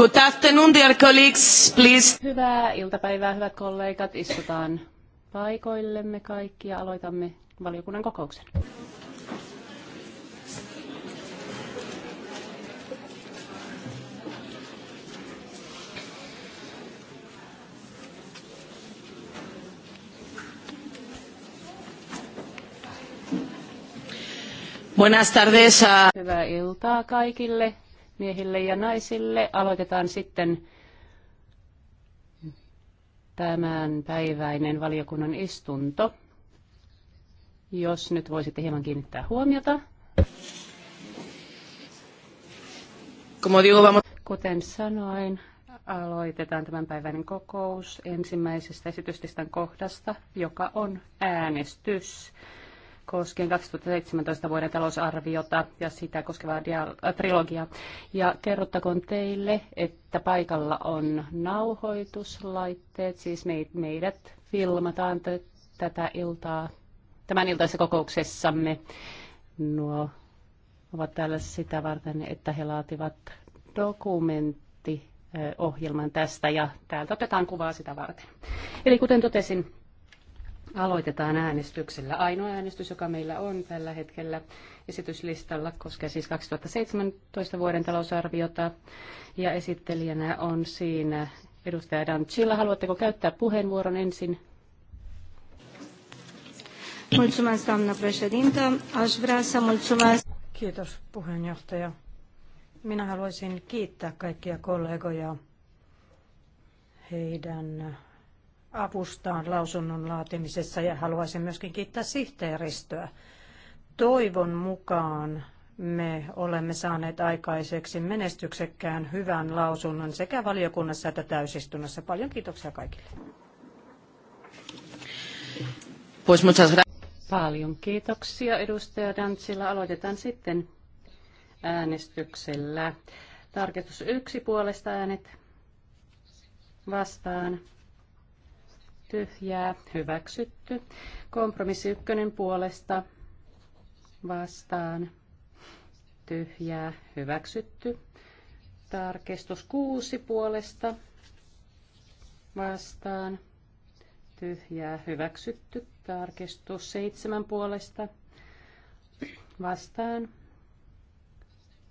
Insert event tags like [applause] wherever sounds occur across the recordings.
Good afternoon, dear colleagues, please. Hyvää iltapäivää, hyvät kollegat. Istutaan paikoillemme kaikki ja aloitamme valiokunnan kokouksen. Buenas tardes. Hyvää iltaa kaikille miehille ja naisille. Aloitetaan sitten tämän päiväinen valiokunnan istunto. Jos nyt voisitte hieman kiinnittää huomiota. Kuten sanoin, aloitetaan tämän päivän kokous ensimmäisestä esityslistan kohdasta, joka on äänestys koskien 2017 vuoden talousarviota ja sitä koskevaa äh, trilogiaa. Ja kerrottakoon teille, että paikalla on nauhoituslaitteet, siis meidät filmataan tätä iltaa, tämän iltaisessa kokouksessamme. Nuo ovat täällä sitä varten, että he laativat dokumentti ohjelman tästä ja täältä otetaan kuvaa sitä varten. Eli kuten totesin, Aloitetaan äänestyksellä. Ainoa äänestys, joka meillä on tällä hetkellä esityslistalla, koskee siis 2017 vuoden talousarviota. Ja esittelijänä on siinä edustaja Dan Chilla. Haluatteko käyttää puheenvuoron ensin? Kiitos, puheenjohtaja. Minä haluaisin kiittää kaikkia kollegoja heidän avustaan lausunnon laatimisessa ja haluaisin myöskin kiittää sihteeristöä. Toivon mukaan me olemme saaneet aikaiseksi menestyksekkään hyvän lausunnon sekä valiokunnassa että täysistunnossa. Paljon kiitoksia kaikille. Pues muchas Paljon kiitoksia edustaja Dantsilla. Aloitetaan sitten äänestyksellä. Tarkistus yksi puolesta äänet vastaan tyhjää, hyväksytty. Kompromissi ykkönen puolesta vastaan, tyhjää, hyväksytty. Tarkistus kuusi puolesta vastaan, tyhjää, hyväksytty. Tarkistus seitsemän puolesta vastaan,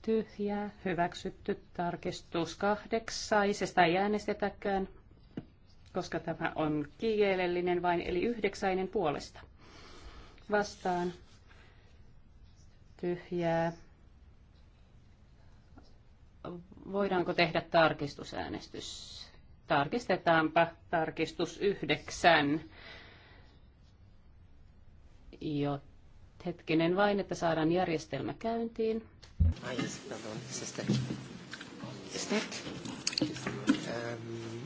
tyhjää, hyväksytty. Tarkistus kahdeksaisesta ei äänestetäkään koska tämä on kielellinen vain, eli yhdeksäinen puolesta. Vastaan tyhjää. Voidaanko tehdä tarkistusäänestys? Tarkistetaanpa tarkistus yhdeksän. Jo hetkinen vain, että saadaan järjestelmä käyntiin. Ai, pardon, se Um,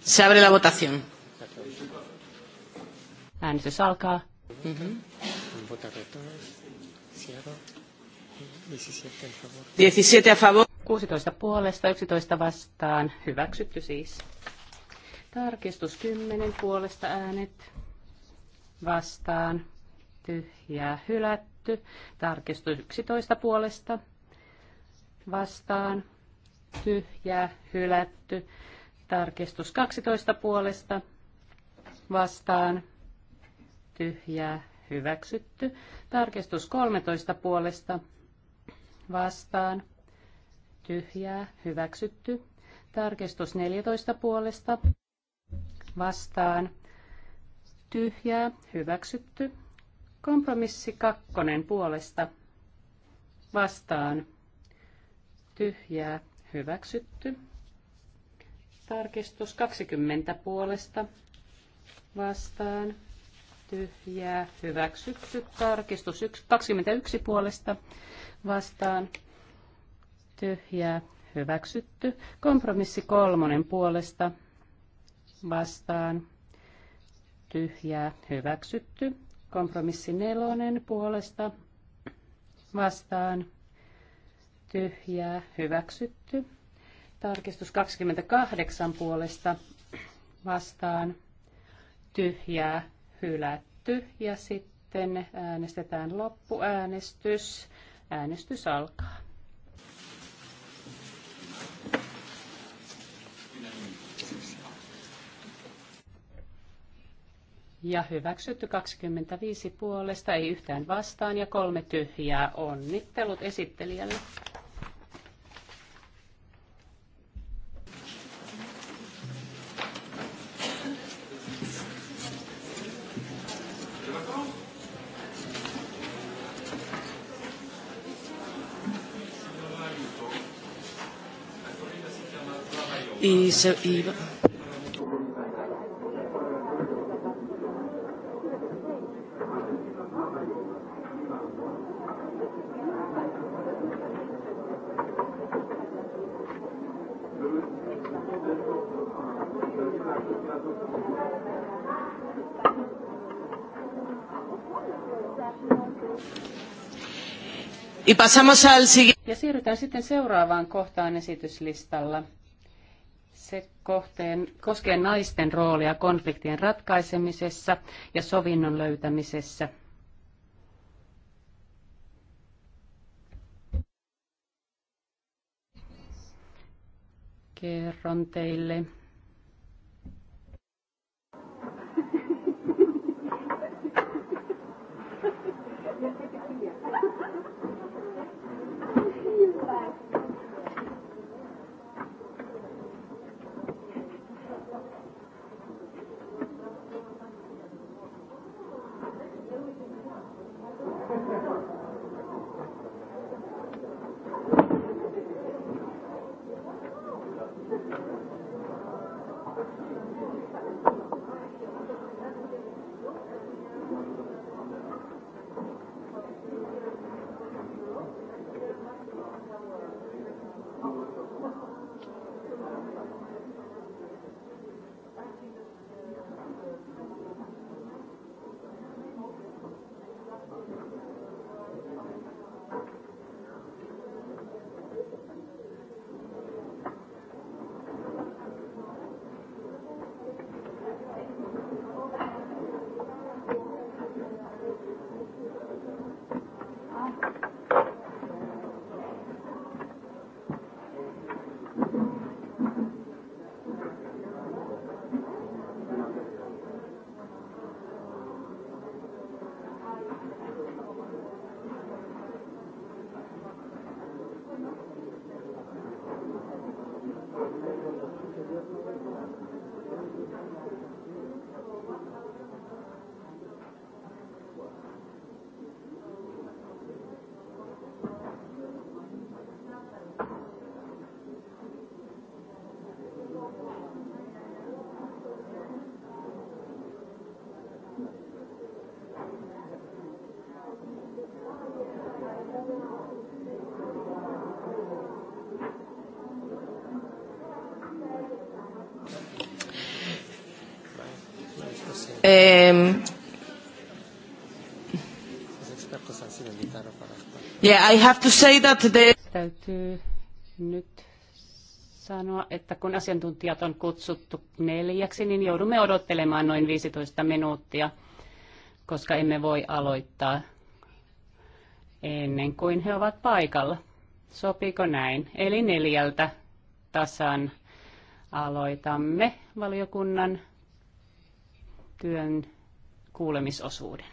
se abre la votación. Äänestys alkaa. Mm-hmm. 17 a favor. 16 puolesta, 11 vastaan. Hyväksytty siis. Tarkistus 10 puolesta äänet vastaan. tyhjä hylätty. Tarkistus 11 puolesta vastaan. tyhjä hylätty. Tarkistus 12 puolesta vastaan tyhjää hyväksytty. Tarkistus 13 puolesta vastaan tyhjää hyväksytty. Tarkistus 14 puolesta vastaan tyhjää hyväksytty. Kompromissi kakkonen puolesta vastaan tyhjää hyväksytty. Tarkistus 20 puolesta vastaan. Tyhjää. Hyväksytty. Tarkistus 21 puolesta vastaan. Tyhjää. Hyväksytty. Kompromissi kolmonen puolesta vastaan. Tyhjää. Hyväksytty. Kompromissi nelonen puolesta vastaan. Tyhjää. Hyväksytty. Tarkistus 28 puolesta vastaan tyhjää hylätty ja sitten äänestetään loppuäänestys. Äänestys alkaa. Ja hyväksytty 25 puolesta, ei yhtään vastaan ja kolme tyhjää. Onnittelut esittelijälle. al siguiente. Ja siirrytään sitten seuraavaan kohtaan esityslistalla kohteen, koskee naisten roolia konfliktien ratkaisemisessa ja sovinnon löytämisessä. Kerron teille Yeah, I have to say that the... Täytyy nyt sanoa, että kun asiantuntijat on kutsuttu neljäksi, niin joudumme odottelemaan noin 15 minuuttia, koska emme voi aloittaa ennen kuin he ovat paikalla. Sopiiko näin? Eli neljältä tasan aloitamme valiokunnan työn kuulemisosuuden.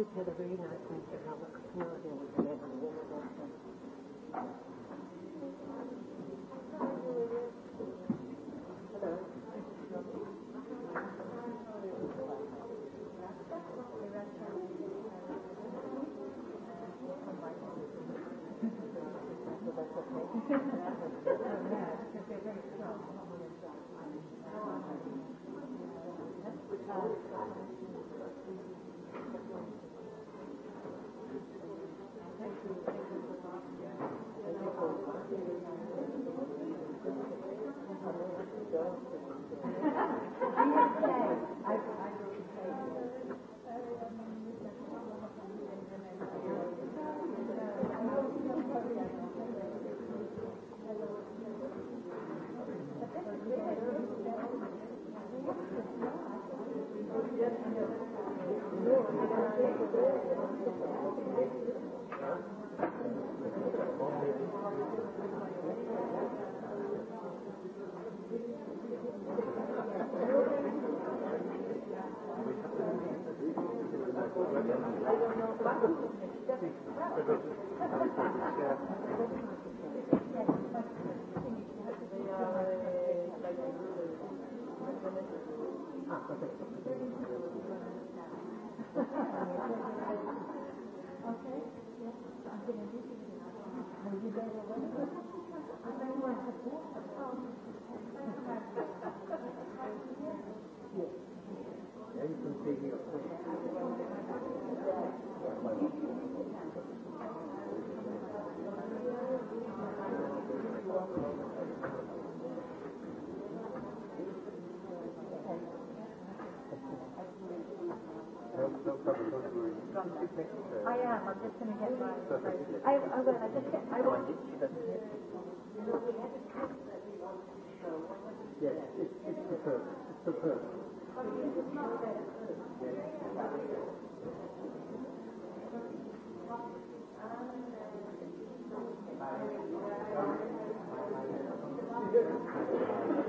just had a very nice Hello. Thank [laughs] you. I, I, I I am. I'm just going to get my. I, I will. I just get. I want will. Yes, it's, it's superb. It's superb. Thank you.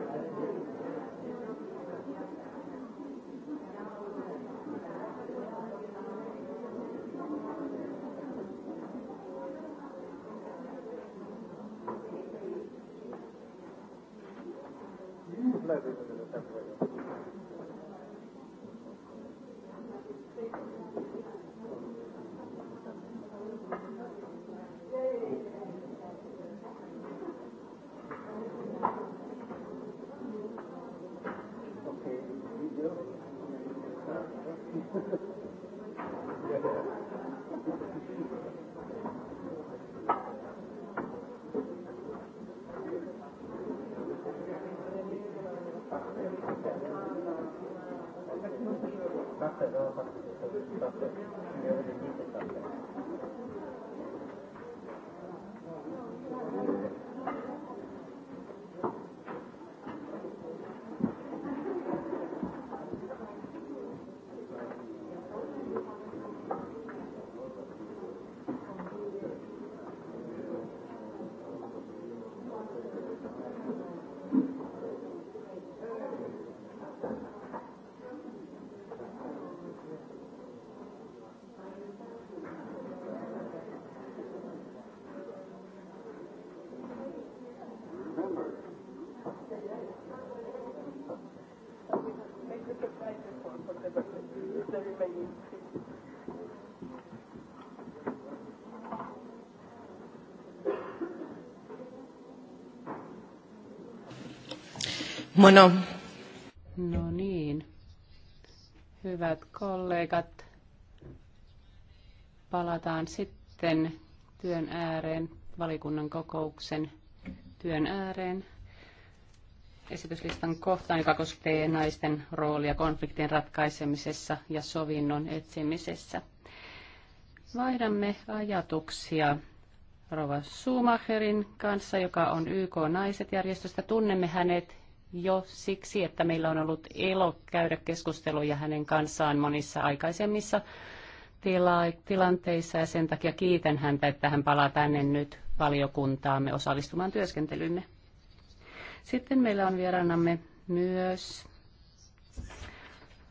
Mono. No niin. Hyvät kollegat, palataan sitten työn ääreen, valikunnan kokouksen työn ääreen esityslistan kohtaan, joka koskee naisten roolia konfliktien ratkaisemisessa ja sovinnon etsimisessä. Vaihdamme ajatuksia Rova Schumacherin kanssa, joka on YK Naiset-järjestöstä. Tunnemme hänet jo siksi, että meillä on ollut ilo käydä keskusteluja hänen kanssaan monissa aikaisemmissa tila- tilanteissa ja sen takia kiitän häntä, että hän palaa tänne nyt valiokuntaamme osallistumaan työskentelymme. Sitten meillä on vierannamme myös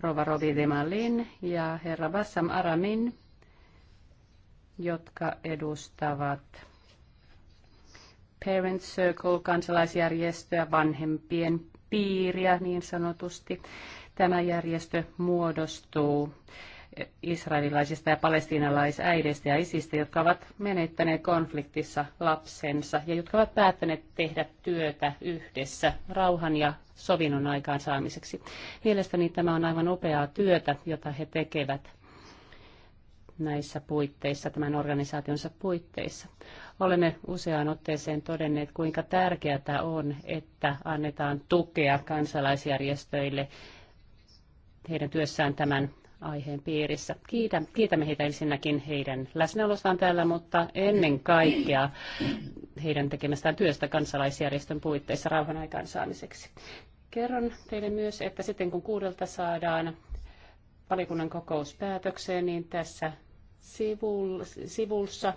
Rova Rovi Demalin ja herra Bassam Aramin, jotka edustavat Parent Circle, kansalaisjärjestöä, vanhempien piiriä niin sanotusti. Tämä järjestö muodostuu israelilaisista ja palestiinalaisäideistä ja isistä, jotka ovat menettäneet konfliktissa lapsensa ja jotka ovat päättäneet tehdä työtä yhdessä rauhan ja sovinnon aikaansaamiseksi. Mielestäni tämä on aivan upeaa työtä, jota he tekevät näissä puitteissa, tämän organisaationsa puitteissa. Olemme useaan otteeseen todenneet, kuinka tärkeää on, että annetaan tukea kansalaisjärjestöille heidän työssään tämän aiheen piirissä. Kiitän, kiitämme heitä ensinnäkin heidän läsnäolostaan täällä, mutta ennen kaikkea heidän tekemästään työstä kansalaisjärjestön puitteissa rauhan aikaansaamiseksi. Kerron teille myös, että sitten kun kuudelta saadaan valikunnan kokous niin tässä sivussa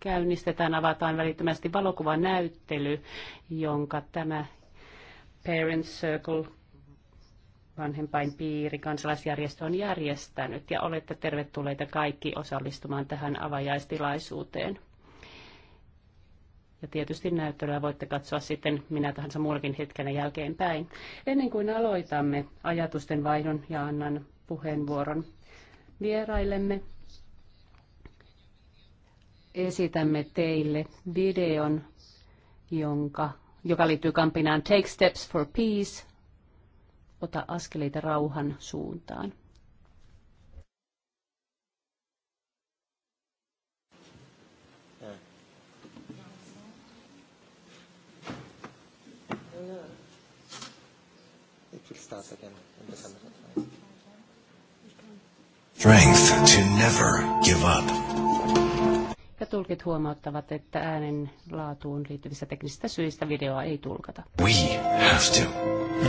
käynnistetään, avataan välittömästi valokuvanäyttely, jonka tämä Parent Circle vanhempainpiiri kansalaisjärjestö on järjestänyt ja olette tervetulleita kaikki osallistumaan tähän avajaistilaisuuteen. Ja tietysti näyttelyä voitte katsoa sitten minä tahansa muullakin hetkenä jälkeenpäin. Ennen kuin aloitamme ajatusten vaihdon ja annan puheenvuoron vieraillemme, esitämme teille videon, jonka, joka liittyy kampinaan Take Steps for Peace – ota askeleita rauhan suuntaan. Strength to never give up ja tulkit huomauttavat, että äänen laatuun liittyvistä teknisistä syistä videoa ei tulkata. We have to.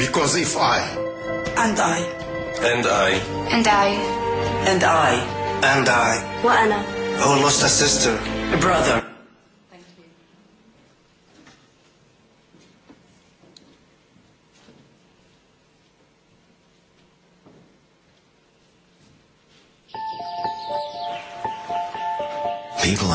Because if I... And I. And I. And I. And I. And I. وأنا. Who lost a sister. A brother.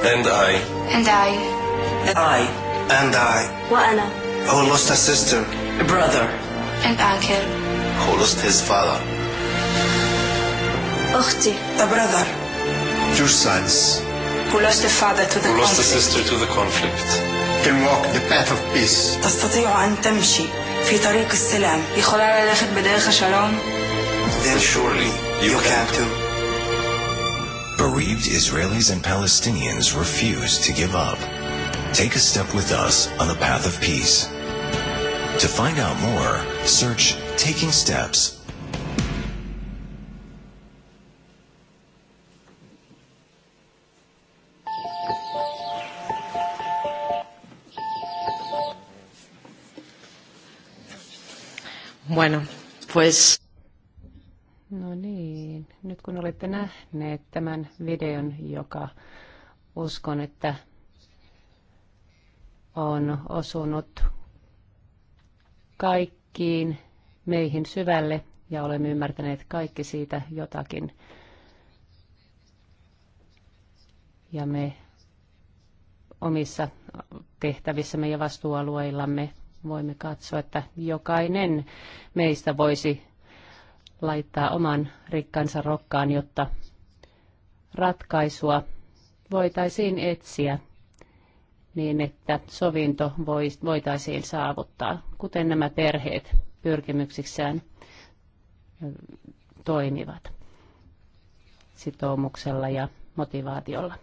And I. And I. And I. And I. وأنا. Who lost a sister. A brother. And uncle. Who lost his father. أختي. A brother. Your sons. Who lost a father to the conflict? Who conflict. lost a sister to the conflict. Can walk the path of peace. تستطيع أن تمشي في طريق السلام. يخلال ללכת בדרך شلون. Then surely you, you can, can too. Bereaved Israelis and Palestinians refuse to give up. Take a step with us on the path of peace. To find out more, search Taking Steps Bueno, pues... No ni. Nyt kun olette nähneet tämän videon, joka uskon, että on osunut kaikkiin meihin syvälle ja olemme ymmärtäneet kaikki siitä jotakin. Ja me omissa tehtävissämme ja vastuualueillamme voimme katsoa, että jokainen meistä voisi laittaa oman rikkansa rokkaan, jotta ratkaisua voitaisiin etsiä niin, että sovinto voitaisiin saavuttaa, kuten nämä perheet pyrkimyksissään toimivat sitoumuksella ja motivaatiolla.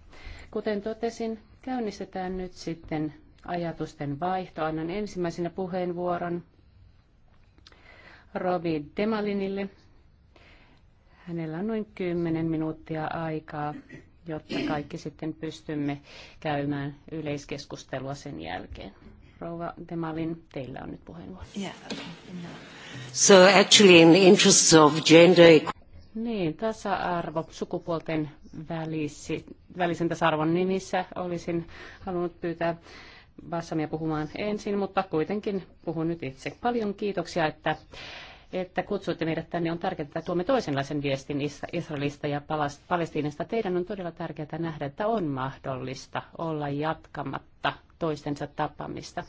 Kuten totesin, käynnistetään nyt sitten ajatusten vaihto. Annan ensimmäisenä puheenvuoron Robi Demalinille, Hänellä on noin 10 minuuttia aikaa, jotta kaikki sitten pystymme käymään yleiskeskustelua sen jälkeen. Rouva Demalin, teillä on nyt puheenvuoro. Yeah, no. So actually in the interests of gender niin, tasa-arvo sukupuolten välisi, välisen tasa-arvon nimissä olisin halunnut pyytää Bassamia puhumaan ensin, mutta kuitenkin puhun nyt itse. Paljon kiitoksia, että että kutsuitte meidät tänne. On tärkeää, että tuomme toisenlaisen viestin Israelista ja Palestiinasta. Teidän on todella tärkeää nähdä, että on mahdollista olla jatkamatta toistensa tapaamista.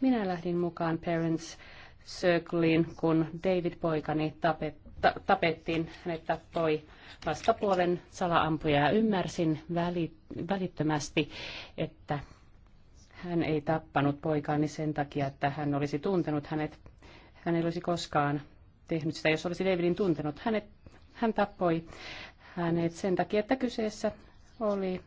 Minä lähdin mukaan Parents Circleen, kun David poikani tapettiin tapettiin, hänet tappoi vastapuolen salaampuja ja ymmärsin väli, välittömästi, että hän ei tappanut poikaani sen takia, että hän olisi tuntenut hänet. Hän ei olisi koskaan tehnyt sitä, jos olisi Davidin tuntenut. Hänet, hän tappoi hänet sen takia, että kyseessä oli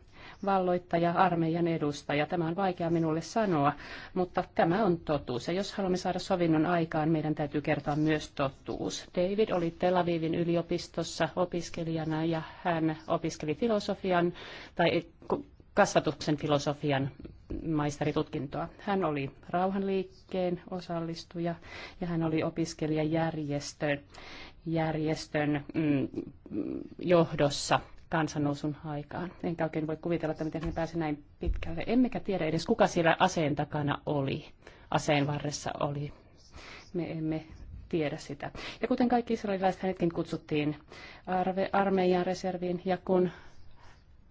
valloittaja, armeijan edustaja. Tämä on vaikea minulle sanoa, mutta tämä on totuus. Ja jos haluamme saada sovinnon aikaan, meidän täytyy kertoa myös totuus. David oli Tel Avivin yliopistossa opiskelijana ja hän opiskeli filosofian tai kasvatuksen filosofian maisteritutkintoa. Hän oli rauhanliikkeen osallistuja ja hän oli opiskelijajärjestön järjestön, mm, johdossa kansannousun aikaan. Enkä oikein voi kuvitella, että miten hän pääsi näin pitkälle. Emmekä tiedä edes, kuka siellä aseen takana oli, aseen varressa oli. Me emme tiedä sitä. Ja kuten kaikki israelilaiset, hänetkin kutsuttiin arve, armeijan reserviin, ja kun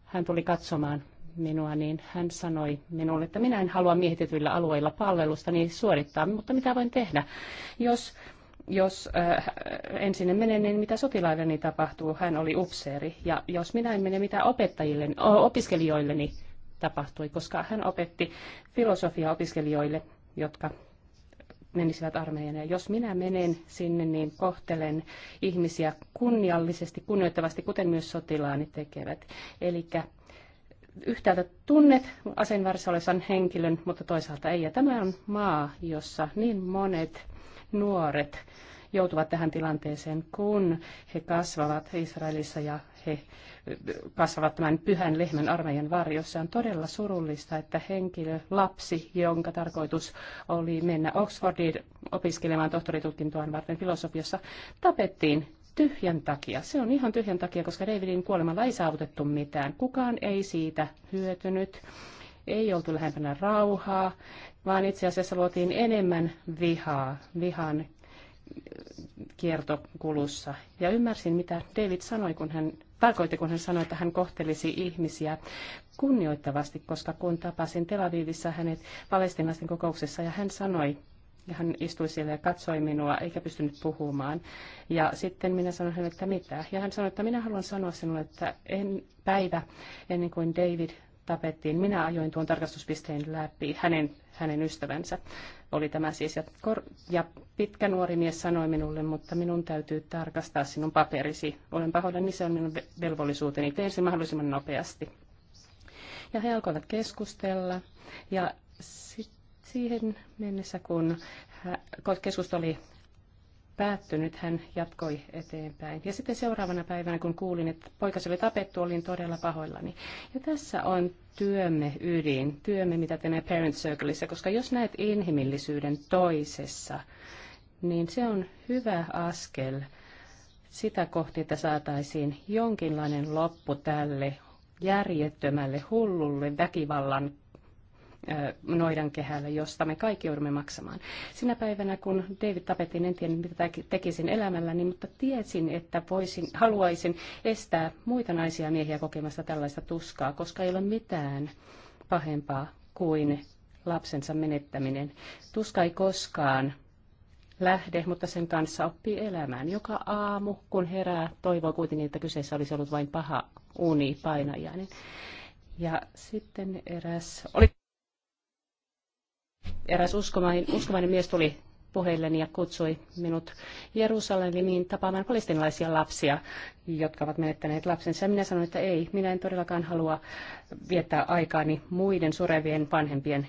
hän tuli katsomaan minua, niin hän sanoi minulle, että minä en halua miehitetyillä alueilla palvelusta niin suorittaa, mutta mitä voin tehdä, jos jos äh, en mene, niin mitä niin tapahtuu, hän oli upseeri. Ja jos minä en mene, mitä opettajille, opiskelijoille niin tapahtui, koska hän opetti filosofia opiskelijoille, jotka menisivät armeijan. Ja jos minä menen sinne, niin kohtelen ihmisiä kunniallisesti, kunnioittavasti, kuten myös sotilaani tekevät. Eli yhtäältä tunnet aseenväärässä olevan henkilön, mutta toisaalta ei. Ja tämä on maa, jossa niin monet nuoret joutuvat tähän tilanteeseen, kun he kasvavat Israelissa ja he kasvavat tämän pyhän lehmän armeijan varjossa. On todella surullista, että henkilö, lapsi, jonka tarkoitus oli mennä Oxfordiin opiskelemaan tohtoritutkintoaan varten filosofiassa, tapettiin tyhjän takia. Se on ihan tyhjän takia, koska Davidin kuolemalla ei saavutettu mitään. Kukaan ei siitä hyötynyt. Ei oltu lähempänä rauhaa, vaan itse asiassa luotiin enemmän vihaa, vihan kiertokulussa. Ja ymmärsin, mitä David sanoi, kun hän tarkoitti, kun hän sanoi, että hän kohtelisi ihmisiä kunnioittavasti, koska kun tapasin Tel Avivissa hänet palestinaisten kokouksessa ja hän sanoi, ja hän istui siellä ja katsoi minua, eikä pystynyt puhumaan. Ja sitten minä sanoin hänelle, että mitä? Ja hän sanoi, että minä haluan sanoa sinulle, että en päivä ennen kuin David tapettiin, minä ajoin tuon tarkastuspisteen läpi. Hänen, hänen ystävänsä oli tämä siis. Ja, kor- ja pitkä nuori mies sanoi minulle, mutta minun täytyy tarkastaa sinun paperisi. Olen pahoillani, niin se on minun velvollisuuteni. tein sen mahdollisimman nopeasti. Ja he alkoivat keskustella. Ja sitten Siihen mennessä, kun keskustelu oli päättynyt, hän jatkoi eteenpäin. Ja sitten seuraavana päivänä, kun kuulin, että poikasi oli tapettu, olin todella pahoillani. Ja tässä on työmme ydin, työmme mitä teemme Parent Circleissa, koska jos näet inhimillisyyden toisessa, niin se on hyvä askel sitä kohti, että saataisiin jonkinlainen loppu tälle järjettömälle, hullulle väkivallan kehällä, josta me kaikki joudumme maksamaan. Sinä päivänä, kun David tapettiin, en tiedä mitä tekisin elämälläni, mutta tiesin, että voisin, haluaisin estää muita naisia miehiä kokemasta tällaista tuskaa, koska ei ole mitään pahempaa kuin lapsensa menettäminen. Tuska ei koskaan lähde, mutta sen kanssa oppii elämään. Joka aamu, kun herää, toivoo kuitenkin, että kyseessä olisi ollut vain paha uni painajainen. Ja sitten eräs... Oli eräs uskomainen, uskomainen mies tuli puheilleni ja kutsui minut Jerusalemiin tapaamaan palestinalaisia lapsia, jotka ovat menettäneet lapsensa. Minä sanoin, että ei, minä en todellakaan halua viettää aikaani muiden surevien vanhempien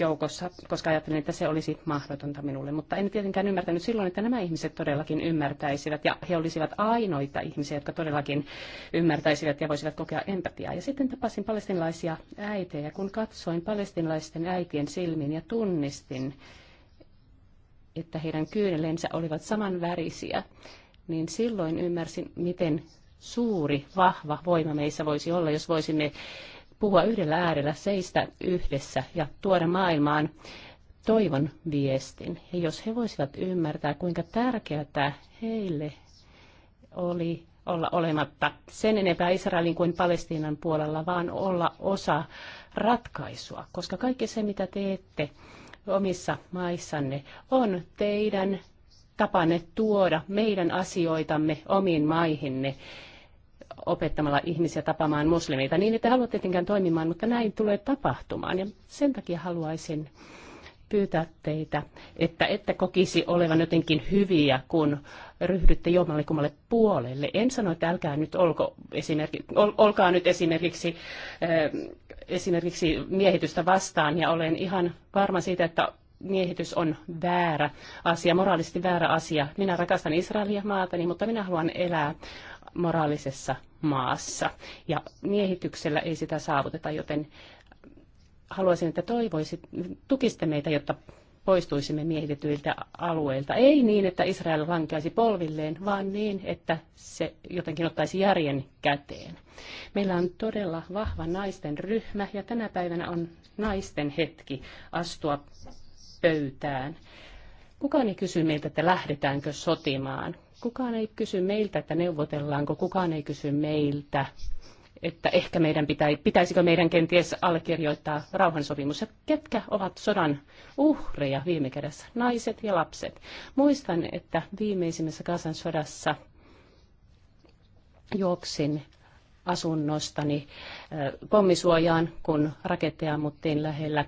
joukossa, koska ajattelin, että se olisi mahdotonta minulle. Mutta en tietenkään ymmärtänyt silloin, että nämä ihmiset todellakin ymmärtäisivät ja he olisivat ainoita ihmisiä, jotka todellakin ymmärtäisivät ja voisivat kokea empatiaa. Ja sitten tapasin palestinlaisia äitejä, kun katsoin palestinlaisten äitien silmiin ja tunnistin, että heidän kyynelensä olivat samanvärisiä, niin silloin ymmärsin, miten suuri, vahva voima meissä voisi olla, jos voisimme puhua yhdellä äärellä, seistä yhdessä ja tuoda maailmaan toivon viestin. Ja jos he voisivat ymmärtää, kuinka tärkeää heille oli olla olematta sen enempää Israelin kuin Palestiinan puolella, vaan olla osa ratkaisua, koska kaikki se, mitä teette omissa maissanne, on teidän tapanne tuoda meidän asioitamme omiin maihinne opettamalla ihmisiä tapaamaan muslimeita. Niin, että haluat tietenkään toimimaan, mutta näin tulee tapahtumaan. Ja sen takia haluaisin pyytää teitä, että ette kokisi olevan jotenkin hyviä, kun ryhdytte jommallekummalle puolelle. En sano, että älkää nyt olko esimerkiksi, ol, olkaa nyt esimerkiksi, äh, esimerkiksi miehitystä vastaan, ja olen ihan varma siitä, että miehitys on väärä asia, moraalisesti väärä asia. Minä rakastan Israelia maatani, mutta minä haluan elää moraalisessa maassa. Ja miehityksellä ei sitä saavuteta, joten haluaisin, että toivoisit, tukiste meitä, jotta poistuisimme miehitetyiltä alueilta. Ei niin, että Israel lankeaisi polvilleen, vaan niin, että se jotenkin ottaisi järjen käteen. Meillä on todella vahva naisten ryhmä ja tänä päivänä on naisten hetki astua pöytään. Kukaan ei kysy meiltä, että lähdetäänkö sotimaan. Kukaan ei kysy meiltä, että neuvotellaanko, kukaan ei kysy meiltä, että ehkä meidän pitä, pitäisikö meidän kenties allekirjoittaa rauhansopimus. Ja ketkä ovat sodan uhreja viime kädessä? Naiset ja lapset. Muistan, että viimeisimmässä Kasan sodassa juoksin asunnostani pommisuojaan, kun raketteja ammuttiin lähellä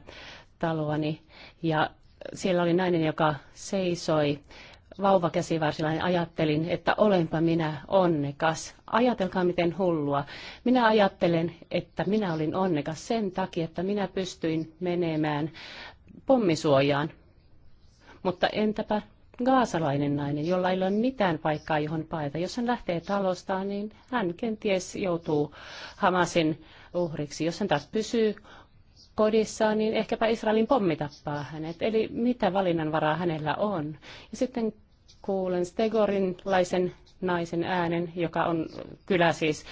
taloani. Ja siellä oli nainen, joka seisoi vauvakäsivarsilainen ajattelin, että olenpa minä onnekas. Ajatelkaa miten hullua. Minä ajattelen, että minä olin onnekas sen takia, että minä pystyin menemään pommisuojaan. Mutta entäpä gaasalainen nainen, jolla ei ole mitään paikkaa, johon paeta. Jos hän lähtee talostaan, niin hän kenties joutuu Hamasin uhriksi. Jos hän taas pysyy kodissaan, niin ehkäpä Israelin pommi tappaa hänet. Eli mitä valinnanvaraa hänellä on? Ja sitten kuulen Stegorinlaisen naisen äänen, joka on kylä siis,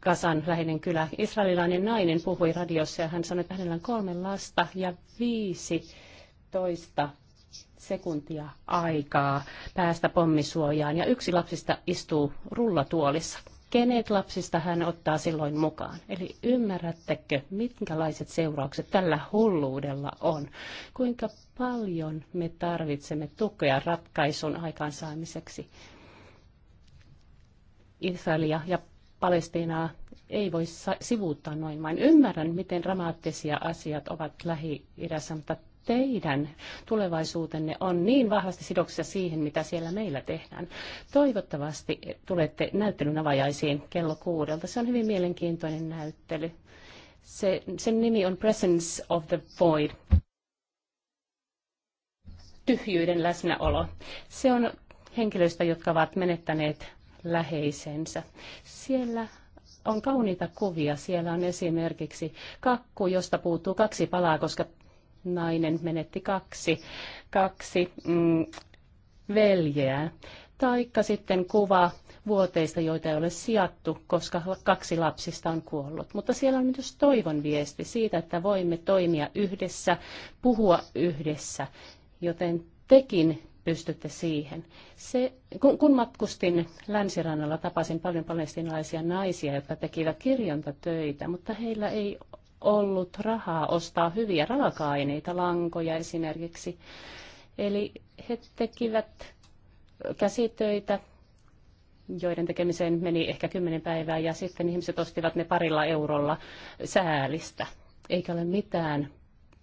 Kasan läheinen kylä. Israelilainen nainen puhui radiossa ja hän sanoi, että hänellä on kolme lasta ja 15 sekuntia aikaa päästä pommisuojaan ja yksi lapsista istuu rullatuolissa kenet lapsista hän ottaa silloin mukaan. Eli ymmärrättekö, minkälaiset seuraukset tällä hulluudella on? Kuinka paljon me tarvitsemme tukea ratkaisun aikaansaamiseksi? Israelia ja Palestiinaa ei voi sivuuttaa noin vain. Ymmärrän, miten dramaattisia asiat ovat Lähi-idässä, mutta teidän tulevaisuutenne on niin vahvasti sidoksissa siihen, mitä siellä meillä tehdään. Toivottavasti tulette näyttelyn avajaisiin kello kuudelta. Se on hyvin mielenkiintoinen näyttely. Se, sen nimi on Presence of the Void. Tyhjyyden läsnäolo. Se on henkilöistä, jotka ovat menettäneet läheisensä. Siellä on kauniita kuvia. Siellä on esimerkiksi kakku, josta puuttuu kaksi palaa, koska nainen menetti kaksi, kaksi mm, veljeä. Taikka sitten kuva vuoteista, joita ei ole sijattu, koska kaksi lapsista on kuollut. Mutta siellä on myös toivon viesti siitä, että voimme toimia yhdessä, puhua yhdessä, joten tekin pystytte siihen. Se, kun, kun matkustin länsirannalla, tapasin paljon palestinalaisia naisia, jotka tekivät kirjontatöitä, mutta heillä ei ollut rahaa ostaa hyviä raaka-aineita, lankoja esimerkiksi. Eli he tekivät käsitöitä, joiden tekemiseen meni ehkä kymmenen päivää, ja sitten ihmiset ostivat ne parilla eurolla säälistä. Eikä ole mitään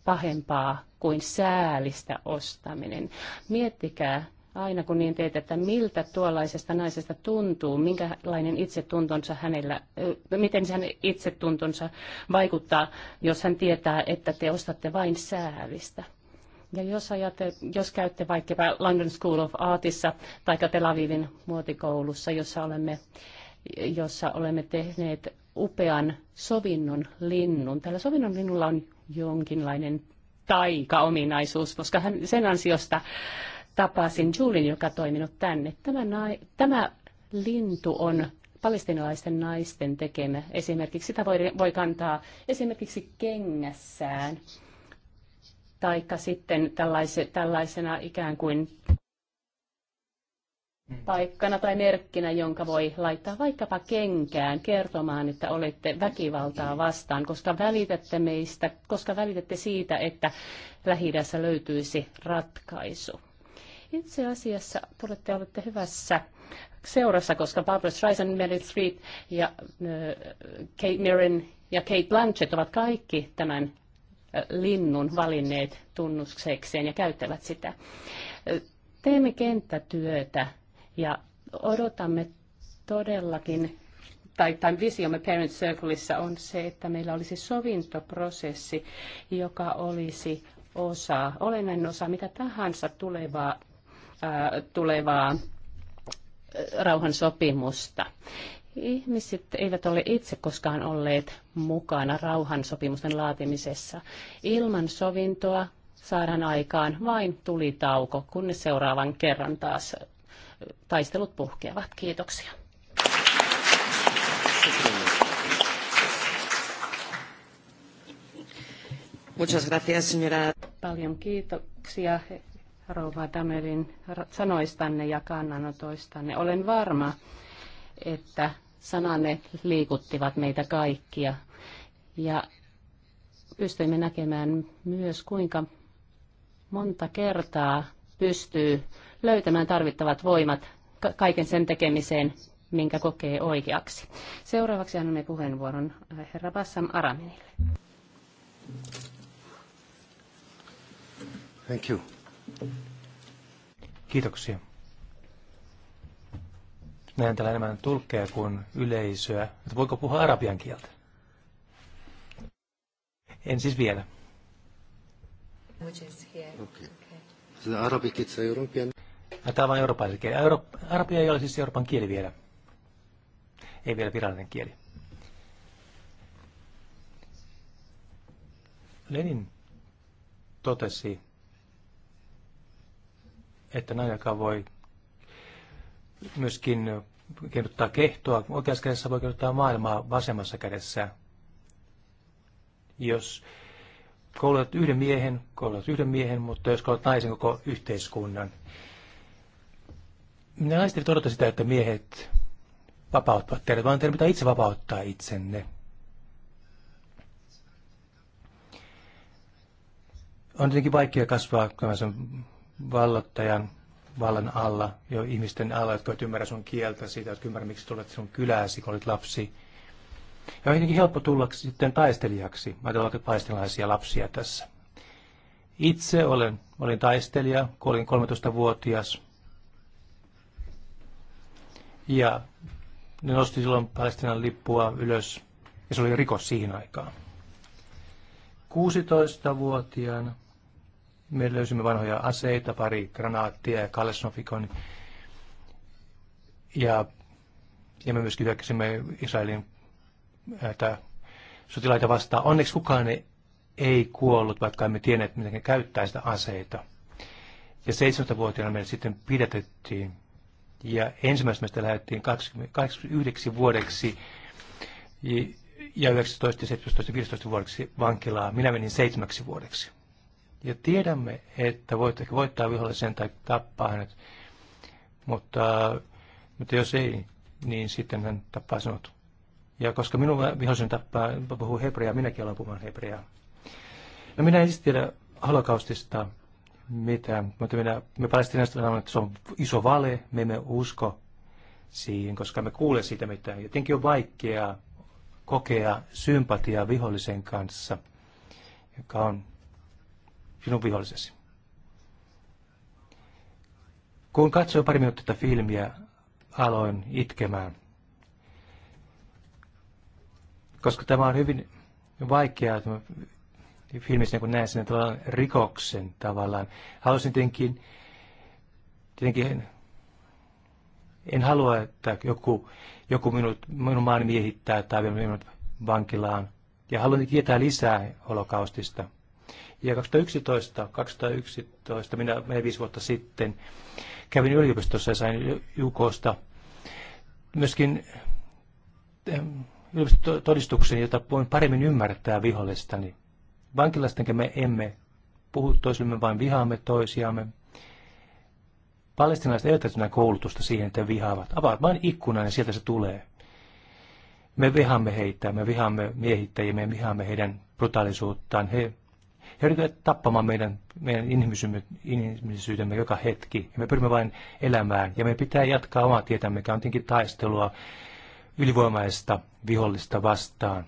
pahempaa kuin säälistä ostaminen. Miettikää, aina kun niin teet, että miltä tuollaisesta naisesta tuntuu, minkälainen itsetuntonsa hänellä, miten hän itsetuntonsa vaikuttaa, jos hän tietää, että te ostatte vain säälistä. Ja jos, ajatte, jos käytte vaikkapa London School of Artissa tai Tel Avivin muotikoulussa, jossa olemme, jossa olemme tehneet upean sovinnon linnun. Tällä sovinnon linnulla on jonkinlainen taikaominaisuus, koska hän sen ansiosta tapasin Julin, joka on toiminut tänne. Tämä, nai, tämä lintu on palestinalaisten naisten tekemä. Esimerkiksi sitä voi, voi kantaa esimerkiksi kengässään tai sitten tällaise, tällaisena ikään kuin paikkana tai merkkinä, jonka voi laittaa vaikkapa kenkään kertomaan, että olette väkivaltaa vastaan, koska välitätte meistä, koska välitätte siitä, että lähidässä löytyisi ratkaisu. Itse asiassa te olette hyvässä seurassa, koska Barbara Streisand, Meryl Streep ja äh, Kate Mirren ja Kate Blanchett ovat kaikki tämän äh, linnun valinneet tunnuksekseen ja käyttävät sitä. Äh, teemme kenttätyötä ja odotamme todellakin, tai, tai visiomme Parent Circleissa on se, että meillä olisi sovintoprosessi, joka olisi osa, olennainen osa mitä tahansa tulevaa Äh, tulevaa äh, rauhansopimusta. Ihmiset eivät ole itse koskaan olleet mukana rauhansopimusten laatimisessa. Ilman sovintoa saadaan aikaan vain tulitauko, kunnes seuraavan kerran taas äh, taistelut puhkeavat. Kiitoksia. Muchas gracias, señora. Paljon kiitoksia, rouva Damelin sanoistanne ja kannanotoistanne. Olen varma, että sananne liikuttivat meitä kaikkia ja pystyimme näkemään myös, kuinka monta kertaa pystyy löytämään tarvittavat voimat kaiken sen tekemiseen, minkä kokee oikeaksi. Seuraavaksi annamme puheenvuoron äh, herra Bassam Araminille. Thank you. Kiitoksia. Näen täällä enemmän tulkkeja kuin yleisöä, mutta voiko puhua arabian kieltä? En siis vielä. Okay. Okay. Tämä on vain Euroopan kieli. Arabia ei ole siis Euroopan kieli vielä. Ei vielä virallinen kieli. Lenin totesi, että nainen, voi myöskin kirjoittaa kehtoa, oikeassa kädessä voi kirjoittaa maailmaa vasemmassa kädessä. Jos koulutat yhden miehen, koulutat yhden miehen, mutta jos koulutat naisen koko yhteiskunnan. Minä naiset eivät odota sitä, että miehet vapauttavat teidät, vaan teidän pitää itse vapauttaa itsenne. On tietenkin vaikea kasvaa vallottajan vallan alla, jo ihmisten alla, jotka eivät ymmärrä sun kieltä siitä, jotka ymmärrä, miksi tulet sun kylääsi, kun olit lapsi. Ja on jotenkin helppo tulla sitten taistelijaksi. Mä ajattelin taistelijaisia lapsia tässä. Itse olen, olin taistelija, kun olin 13-vuotias. Ja ne nosti silloin Palestinan lippua ylös, ja se oli rikos siihen aikaan. 16-vuotiaana me löysimme vanhoja aseita, pari granaattia ja Kalashnikovin. Ja, ja me myöskin hyökkäsimme Israelin ää, sotilaita vastaan. Onneksi kukaan ei kuollut, vaikka emme tienneet, miten käyttää sitä aseita. Ja 17-vuotiaana meidät sitten pidätettiin. Ja ensimmäistä meistä lähdettiin 29 vuodeksi ja 19, 17, 15 vuodeksi vankilaa. Minä menin seitsemäksi vuodeksi. Ja tiedämme, että voit voittaa vihollisen tai tappaa hänet, mutta, mutta jos ei, niin sitten hän tappaa sinut. Ja koska minun vihollisen tappaa, puhuu hebreaa, minäkin olen puhumaan hebreaa. No minä en siis tiedä holokaustista mitään, mutta minä, me palestinaiset sanomme, että se on iso vale, me emme usko siihen, koska me kuule siitä mitään. Jotenkin on vaikeaa kokea sympatiaa vihollisen kanssa, joka on sinun vihollisesi. Kun katsoin pari minuuttia tätä filmiä, aloin itkemään. Koska tämä on hyvin vaikeaa, että filmissä niin kun näen sen tavallaan rikoksen tavallaan. Halusin tietenkin, tietenkin en, en halua, että joku, joku minut, minun maani miehittää tai minut vankilaan. Ja haluan tietää lisää holokaustista. Ja 2011, 2011 minä menen viisi vuotta sitten, kävin yliopistossa ja sain UKsta myöskin yliopistotodistuksen, jota voin paremmin ymmärtää vihollistani. Vankilastenkin me emme puhu toisillemme, vain vihaamme toisiamme. Palestinaiset eivät enää koulutusta siihen, että vihaavat. Avaat vain ikkunan ja sieltä se tulee. Me vihaamme heitä, me vihaamme miehittäjiä, me vihaamme heidän brutaalisuuttaan. He he yrittävät tappamaan meidän, meidän inhimillisyytemme joka hetki. Ja me pyrimme vain elämään. Ja me pitää jatkaa omaa tietämme, mikä on tietenkin taistelua ylivoimaista vihollista vastaan.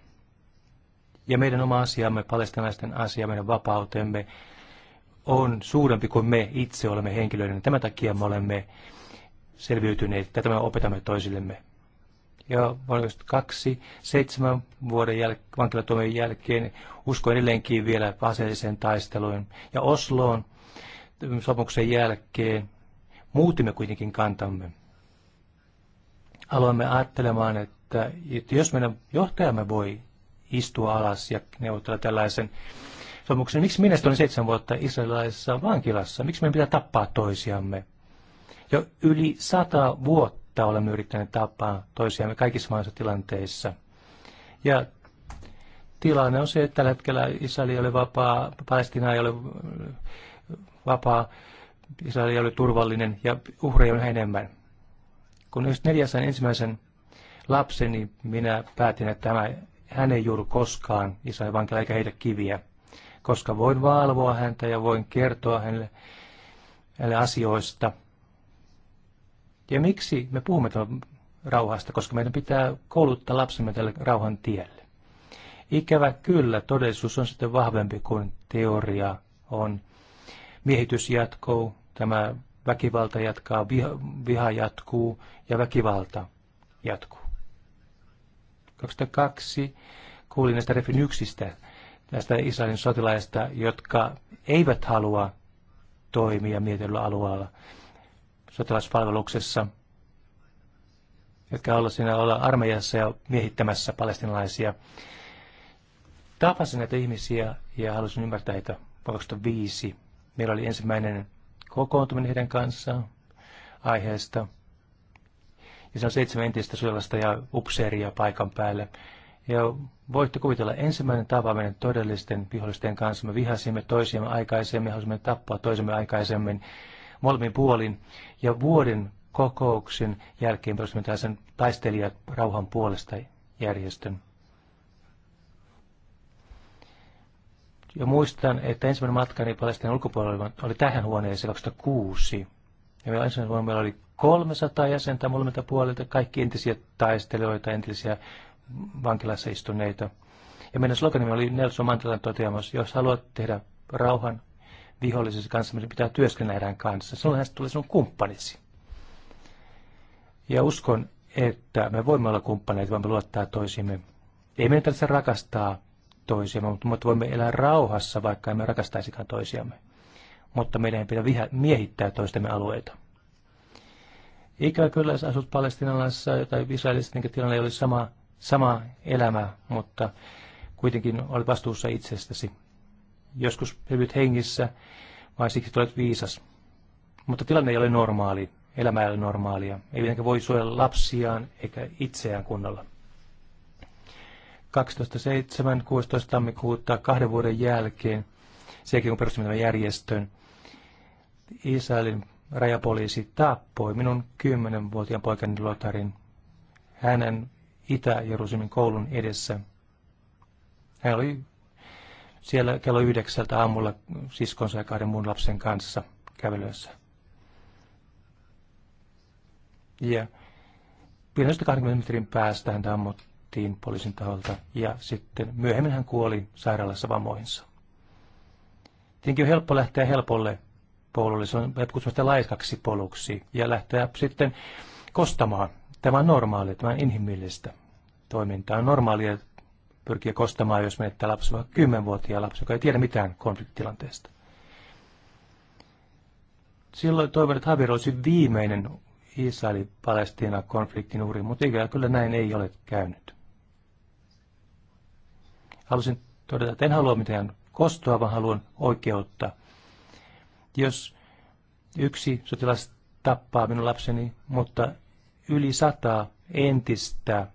Ja meidän oma asiamme, palestinaisten asia, meidän vapautemme on suurempi kuin me itse olemme henkilöiden. Tämän takia me olemme selviytyneet, tätä me opetamme toisillemme ja valkoista kaksi seitsemän vuoden jäl- vankilatuomion jälkeen uskoi edelleenkin vielä aseelliseen taisteluun. Ja Osloon mm, sopimuksen jälkeen muutimme kuitenkin kantamme. Aloimme ajattelemaan, että, että jos meidän johtajamme voi istua alas ja neuvotella tällaisen sopimuksen, miksi minä olen seitsemän vuotta israelilaisessa vankilassa? Miksi meidän pitää tappaa toisiamme? Jo yli sata vuotta että olemme yrittäneet tapaa toisiamme kaikissa mahdollisissa tilanteissa. Ja tilanne on se, että tällä hetkellä Israel ei ole vapaa, Palestina ei ole äh, vapaa, Israel ei ole turvallinen ja uhreja on enemmän. Kun just neljäsen ensimmäisen lapseni, minä päätin, että tämä, hän ei joudu koskaan Israelin vankila eikä heitä kiviä, koska voin valvoa häntä ja voin kertoa hänelle, hänelle asioista – ja miksi me puhumme tuon rauhasta? Koska meidän pitää kouluttaa lapsemme tälle rauhan tielle. Ikävä kyllä, todellisuus on sitten vahvempi kuin teoria on. Miehitys jatkuu, tämä väkivalta jatkaa, viha, viha jatkuu ja väkivalta jatkuu. 2002 kuulin näistä yksistä, näistä Israelin sotilaista, jotka eivät halua toimia mietityllä alueella sotilaspalveluksessa, jotka olla siinä olla armeijassa ja miehittämässä palestinalaisia. Tapasin näitä ihmisiä ja halusin ymmärtää heitä vuonna 2005. Meillä oli ensimmäinen kokoontuminen heidän kanssaan aiheesta. Ja se on seitsemän entistä suojelasta ja upseeria paikan päälle. Ja voitte kuvitella, ensimmäinen tapaaminen todellisten vihollisten kanssa. Me vihasimme toisiamme aikaisemmin, halusimme tappaa toisemme aikaisemmin molemmin puolin. Ja vuoden kokouksen jälkeen perustimme sen taistelijat rauhan puolesta järjestön. Ja muistan, että ensimmäinen matkani Palestinan ulkopuolella oli tähän huoneeseen 2006. Ja meillä ensimmäisen vuonna meillä oli 300 jäsentä molemmilta puolilta, kaikki entisiä taistelijoita, entisiä vankilassa istuneita. Ja meidän sloganimme oli Nelson Mandelan toteamus, jos haluat tehdä rauhan, vihollisesi kanssa, mitä pitää työskennellä kanssa. Silloin mm. hänestä tulee sinun kumppanisi. Ja uskon, että me voimme olla kumppaneita, vaan me luottaa toisiimme. Ei meidän tarvitse rakastaa toisiamme, mutta voimme elää rauhassa, vaikka emme rakastaisikaan toisiamme. Mutta meidän ei pidä miehittää toistemme alueita. Ikävä kyllä, jos asut palestinalaisessa tai israelissa, niin tilanne ei ole sama, sama elämä, mutta kuitenkin olet vastuussa itsestäsi joskus selviät hengissä, vai siksi olet viisas. Mutta tilanne ei ole normaali, elämä ei ole normaalia. Ei mitenkään voi suojella lapsiaan eikä itseään kunnolla. 12.7.16. tammikuuta kahden vuoden jälkeen, sekin kun perustimme tämän järjestön, Israelin rajapoliisi tappoi minun 10-vuotiaan poikani Lotarin hänen Itä-Jerusalemin koulun edessä. Hän oli siellä kello yhdeksältä aamulla siskonsa ja kahden muun lapsen kanssa kävelyssä. Ja 20 metrin päästä häntä ammuttiin poliisin taholta ja sitten myöhemmin hän kuoli sairaalassa vamoinsa. Tietenkin on helppo lähteä helpolle polulle, se on kutsutaan laiskaksi poluksi ja lähteä sitten kostamaan. Tämä on normaalia, tämä on inhimillistä toimintaa. On normaalia, pyrkiä kostamaan, jos menettää lapsi, vaikka kymmenvuotiaan lapsi, joka ei tiedä mitään konfliktitilanteesta. Silloin toivon, että Habir olisi viimeinen Israel-Palestiina-konfliktin uhri, mutta ikään kyllä näin ei ole käynyt. Halusin todeta, että en halua mitään kostoa, vaan haluan oikeutta. Jos yksi sotilas tappaa minun lapseni, mutta yli sataa entistä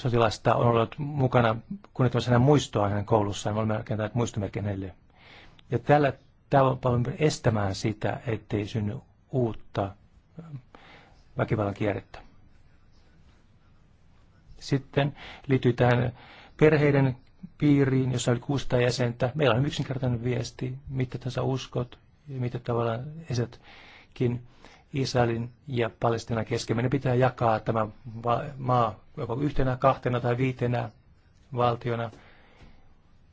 sotilasta on ollut mukana kunnioittamassa hänen muistoa hänen koulussaan. Me olemme rakentaneet muistomerkin hänelle. Ja tällä tavalla estämään sitä, ettei synny uutta ähm, väkivallan kierrettä. Sitten liittyy tähän perheiden piiriin, jossa oli 600 jäsentä. Meillä on yksinkertainen viesti, mitä tässä uskot ja mitä tavallaan esitkin Israelin ja Palestinan kesken. Meidän pitää jakaa tämä maa joko yhtenä, kahtena tai viitenä valtiona,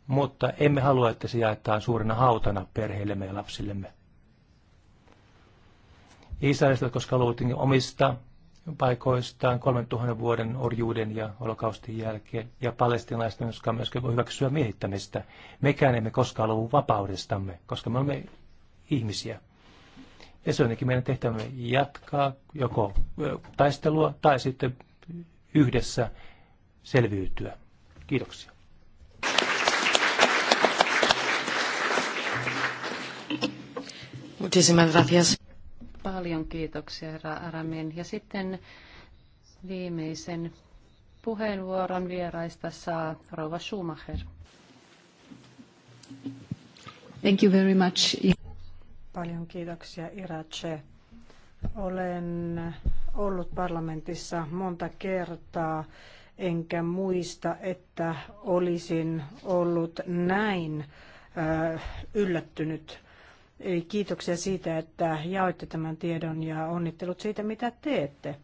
mutta emme halua, että se jaetaan suurena hautana perheillemme ja lapsillemme. Israelista, koska luultiin omista paikoistaan 3000 vuoden orjuuden ja holokaustin jälkeen, ja palestinaista, jotka myös voi hyväksyä miehittämistä. Mekään emme koskaan luovu vapaudestamme, koska me olemme ihmisiä. Ja se on ainakin meidän tehtävämme jatkaa joko taistelua tai sitten yhdessä selviytyä. Kiitoksia. Muchísimas gracias. Paljon kiitoksia, herra Aramin. Ja sitten viimeisen puheenvuoron vieraista saa rouva Schumacher. Thank you very much. Paljon kiitoksia Irache. Olen ollut parlamentissa monta kertaa, enkä muista, että olisin ollut näin yllättynyt. Eli kiitoksia siitä, että jaoitte tämän tiedon ja onnittelut siitä, mitä teette.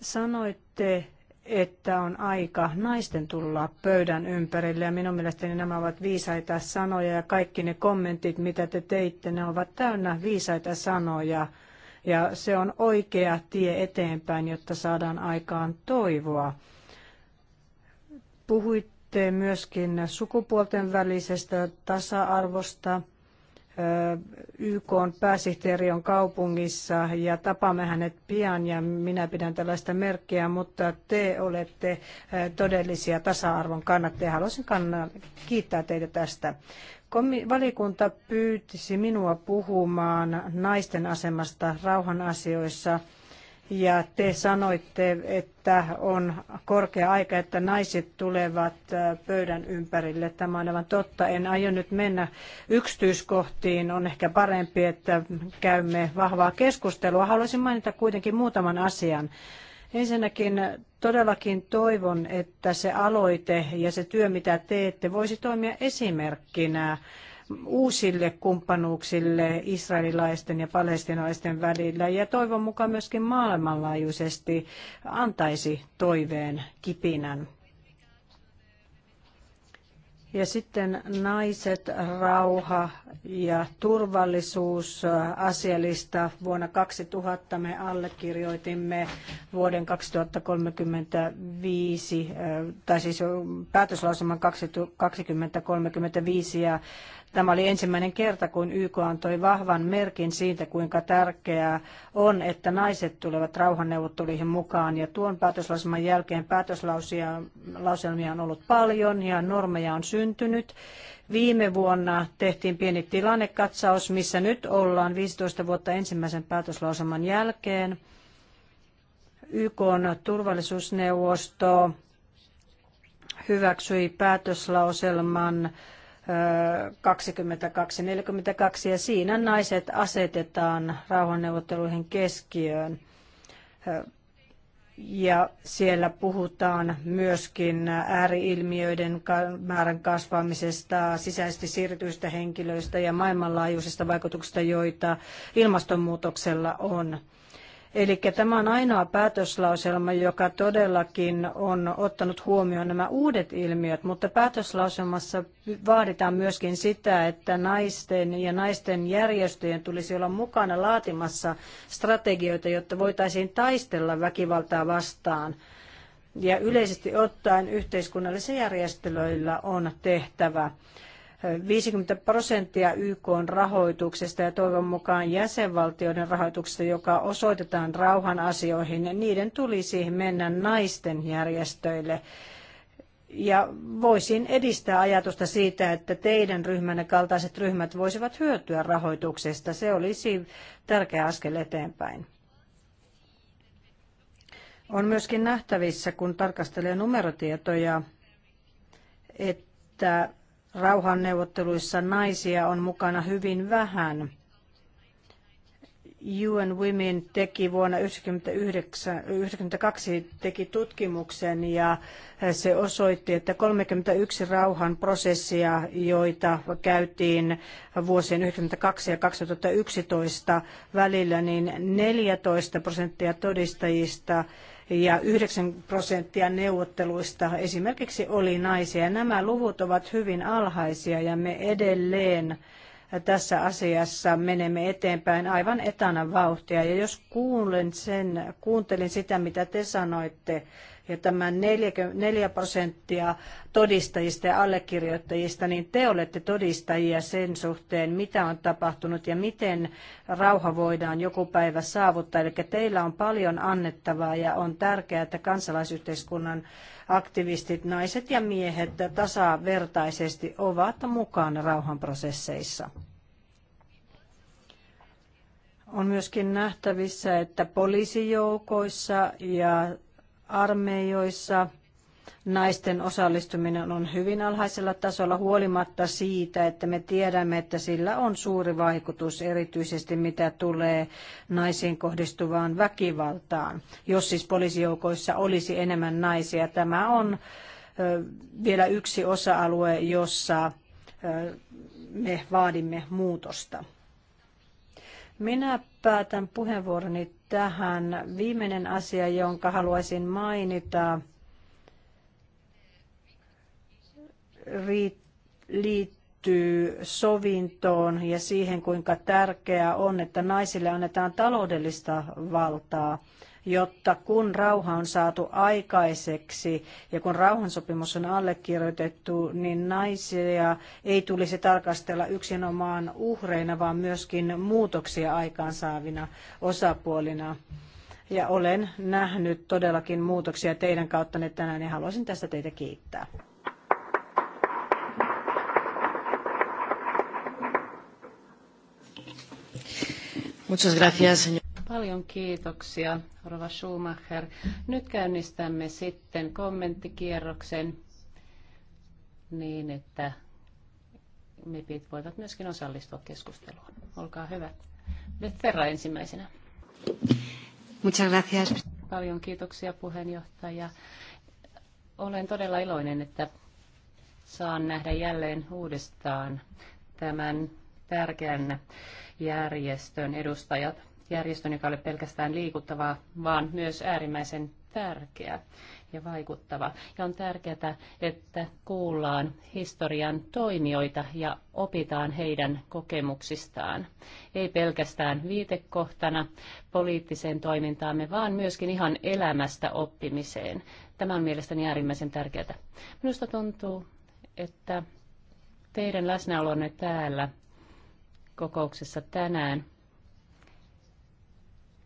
Sanoitte, että on aika naisten tulla pöydän ympärille. Ja minun mielestäni nämä ovat viisaita sanoja ja kaikki ne kommentit, mitä te teitte, ne ovat täynnä viisaita sanoja. Ja se on oikea tie eteenpäin, jotta saadaan aikaan toivoa. Puhuitte myöskin sukupuolten välisestä tasa-arvosta YK on pääsihteeri on kaupungissa ja tapaamme hänet pian ja minä pidän tällaista merkkiä, mutta te olette todellisia tasa-arvon kannattajia. Haluaisin kiittää teitä tästä. Valikunta pyytisi minua puhumaan naisten asemasta rauhan asioissa ja te sanoitte, että on korkea aika, että naiset tulevat pöydän ympärille. Tämä on aivan totta. En aio nyt mennä yksityiskohtiin. On ehkä parempi, että käymme vahvaa keskustelua. Haluaisin mainita kuitenkin muutaman asian. Ensinnäkin todellakin toivon, että se aloite ja se työ, mitä teette, voisi toimia esimerkkinä uusille kumppanuuksille israelilaisten ja palestinaisten välillä ja toivon mukaan myöskin maailmanlaajuisesti antaisi toiveen kipinän. Ja sitten naiset, rauha ja turvallisuus asialista. Vuonna 2000 me allekirjoitimme vuoden 2035, äh, tai siis päätöslauselman 2035 ja Tämä oli ensimmäinen kerta, kun YK antoi vahvan merkin siitä, kuinka tärkeää on, että naiset tulevat rauhanneuvotteluihin mukaan. Ja tuon päätöslauselman jälkeen päätöslauselmia on ollut paljon ja normeja on syntynyt. Viime vuonna tehtiin pieni tilannekatsaus, missä nyt ollaan 15 vuotta ensimmäisen päätöslauselman jälkeen. YK turvallisuusneuvosto hyväksyi päätöslauselman 2242 ja siinä naiset asetetaan rauhanneuvotteluihin keskiöön. Ja siellä puhutaan myöskin ääriilmiöiden määrän kasvamisesta, sisäisesti siirtyistä henkilöistä ja maailmanlaajuisista vaikutuksista, joita ilmastonmuutoksella on. Eli tämä on ainoa päätöslauselma, joka todellakin on ottanut huomioon nämä uudet ilmiöt, mutta päätöslauselmassa vaaditaan myöskin sitä, että naisten ja naisten järjestöjen tulisi olla mukana laatimassa strategioita, jotta voitaisiin taistella väkivaltaa vastaan. Ja yleisesti ottaen yhteiskunnallisilla järjestelyillä on tehtävä 50 prosenttia YK rahoituksesta ja toivon mukaan jäsenvaltioiden rahoituksesta, joka osoitetaan rauhan asioihin, niiden tulisi mennä naisten järjestöille. Ja voisin edistää ajatusta siitä, että teidän ryhmänne kaltaiset ryhmät voisivat hyötyä rahoituksesta. Se olisi tärkeä askel eteenpäin. On myöskin nähtävissä, kun tarkastelee numerotietoja, että rauhanneuvotteluissa naisia on mukana hyvin vähän. UN Women teki vuonna 1992 teki tutkimuksen ja se osoitti, että 31 rauhan prosessia, joita käytiin vuosien 1992 ja 2011 välillä, niin 14 prosenttia todistajista ja 9 prosenttia neuvotteluista esimerkiksi oli naisia. Nämä luvut ovat hyvin alhaisia ja me edelleen tässä asiassa menemme eteenpäin aivan etana vauhtia. Ja jos kuulen sen, kuuntelin sitä, mitä te sanoitte, ja tämä 4 prosenttia todistajista ja allekirjoittajista, niin te olette todistajia sen suhteen, mitä on tapahtunut ja miten rauha voidaan joku päivä saavuttaa. Eli teillä on paljon annettavaa ja on tärkeää, että kansalaisyhteiskunnan aktivistit, naiset ja miehet tasavertaisesti ovat mukana rauhanprosesseissa. On myöskin nähtävissä, että poliisijoukoissa ja armeijoissa naisten osallistuminen on hyvin alhaisella tasolla huolimatta siitä, että me tiedämme, että sillä on suuri vaikutus erityisesti mitä tulee naisiin kohdistuvaan väkivaltaan. Jos siis poliisijoukoissa olisi enemmän naisia, tämä on vielä yksi osa-alue, jossa me vaadimme muutosta. Minä päätän puheenvuoroni tähän. Viimeinen asia, jonka haluaisin mainita, liittyy sovintoon ja siihen, kuinka tärkeää on, että naisille annetaan taloudellista valtaa jotta kun rauha on saatu aikaiseksi ja kun rauhansopimus on allekirjoitettu, niin naisia ei tulisi tarkastella yksinomaan uhreina, vaan myöskin muutoksia aikaansaavina osapuolina. Ja olen nähnyt todellakin muutoksia teidän kauttanne tänään ja haluaisin tästä teitä kiittää. Muchas gracias, señor. Paljon kiitoksia, Rova Schumacher. Nyt käynnistämme sitten kommenttikierroksen niin, että MIPit voivat myöskin osallistua keskusteluun. Olkaa hyvä. Ferra ensimmäisenä. Muchas gracias. Paljon kiitoksia puheenjohtaja. Olen todella iloinen, että saan nähdä jälleen uudestaan tämän tärkeän järjestön edustajat järjestön, joka oli pelkästään liikuttava, vaan myös äärimmäisen tärkeä ja vaikuttava. Ja on tärkeää, että kuullaan historian toimijoita ja opitaan heidän kokemuksistaan. Ei pelkästään viitekohtana poliittiseen toimintaamme, vaan myöskin ihan elämästä oppimiseen. Tämä on mielestäni äärimmäisen tärkeää. Minusta tuntuu, että teidän läsnäolonne täällä kokouksessa tänään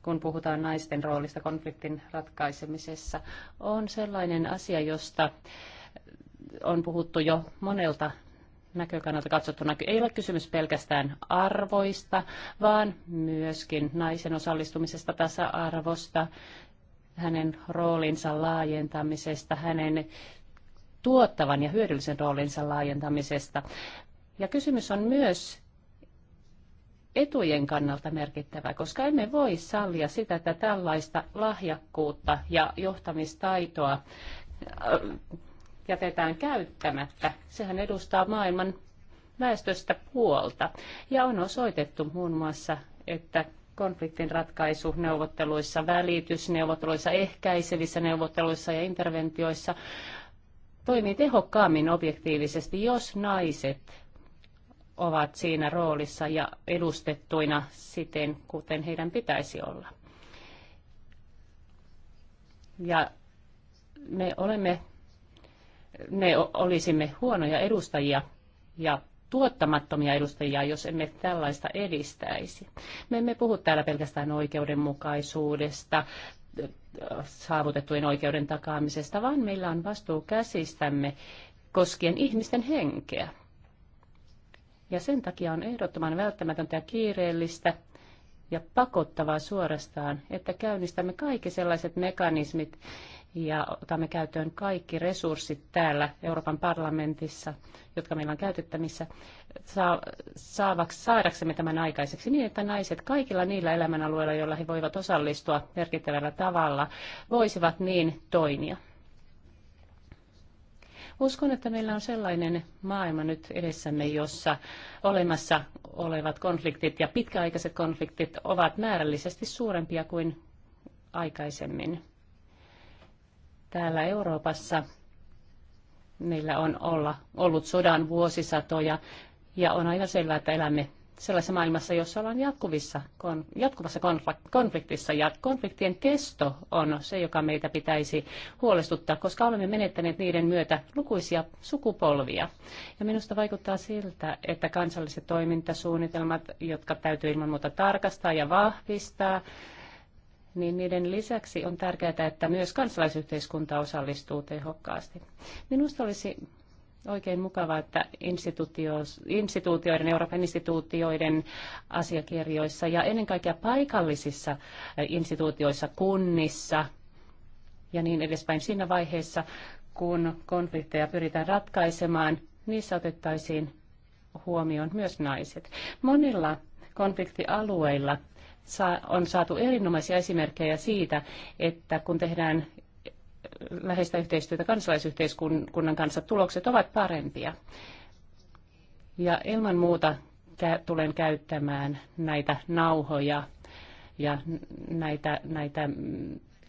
kun puhutaan naisten roolista konfliktin ratkaisemisessa, on sellainen asia, josta on puhuttu jo monelta näkökannalta katsottuna ei ole kysymys pelkästään arvoista, vaan myöskin naisen osallistumisesta tasa-arvosta, hänen roolinsa laajentamisesta, hänen tuottavan ja hyödyllisen roolinsa laajentamisesta. Ja kysymys on myös etujen kannalta merkittävä, koska emme voi sallia sitä, että tällaista lahjakkuutta ja johtamistaitoa äh, jätetään käyttämättä. Sehän edustaa maailman väestöstä puolta. Ja on osoitettu muun muassa, että konfliktin ratkaisu neuvotteluissa, välitysneuvotteluissa, ehkäisevissä neuvotteluissa ja interventioissa toimii tehokkaammin objektiivisesti, jos naiset ovat siinä roolissa ja edustettuina siten, kuten heidän pitäisi olla. Ja me olemme, me olisimme huonoja edustajia ja tuottamattomia edustajia, jos emme tällaista edistäisi. Me emme puhu täällä pelkästään oikeudenmukaisuudesta, saavutettujen oikeuden takaamisesta, vaan meillä on vastuu käsistämme koskien ihmisten henkeä. Ja sen takia on ehdottoman välttämätöntä ja kiireellistä ja pakottavaa suorastaan, että käynnistämme kaikki sellaiset mekanismit ja otamme käyttöön kaikki resurssit täällä Euroopan parlamentissa, jotka meillä on käytettävissä, saadaksemme tämän aikaiseksi niin, että naiset kaikilla niillä elämänalueilla, joilla he voivat osallistua merkittävällä tavalla, voisivat niin toimia. Uskon, että meillä on sellainen maailma nyt edessämme, jossa olemassa olevat konfliktit ja pitkäaikaiset konfliktit ovat määrällisesti suurempia kuin aikaisemmin. Täällä Euroopassa meillä on olla, ollut sodan vuosisatoja ja on aivan selvää, että elämme sellaisessa maailmassa, jossa ollaan jatkuvissa, kon, jatkuvassa konfliktissa. Ja konfliktien kesto on se, joka meitä pitäisi huolestuttaa, koska olemme menettäneet niiden myötä lukuisia sukupolvia. Ja minusta vaikuttaa siltä, että kansalliset toimintasuunnitelmat, jotka täytyy ilman muuta tarkastaa ja vahvistaa, niin niiden lisäksi on tärkeää, että myös kansalaisyhteiskunta osallistuu tehokkaasti. Minusta olisi oikein mukavaa, että instituutioiden, Euroopan instituutioiden asiakirjoissa ja ennen kaikkea paikallisissa eh, instituutioissa, kunnissa ja niin edespäin siinä vaiheessa, kun konflikteja pyritään ratkaisemaan, niissä otettaisiin huomioon myös naiset. Monilla konfliktialueilla on saatu erinomaisia esimerkkejä siitä, että kun tehdään läheistä yhteistyötä kansalaisyhteiskunnan kanssa, tulokset ovat parempia. Ja ilman muuta tulen käyttämään näitä nauhoja ja näitä, näitä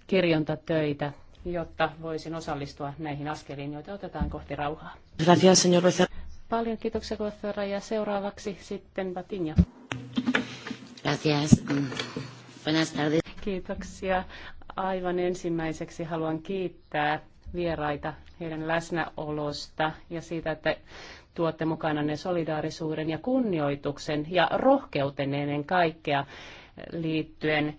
kirjontatöitä, jotta voisin osallistua näihin askeliin, joita otetaan kohti rauhaa. Gracias, señor Paljon kiitoksia, Gothera. Ja seuraavaksi sitten Batinja. Gracias. Mm. Buenas tardes. Kiitoksia. Aivan ensimmäiseksi haluan kiittää vieraita heidän läsnäolosta ja siitä, että tuotte mukana ne solidaarisuuden ja kunnioituksen ja rohkeuten kaikkea liittyen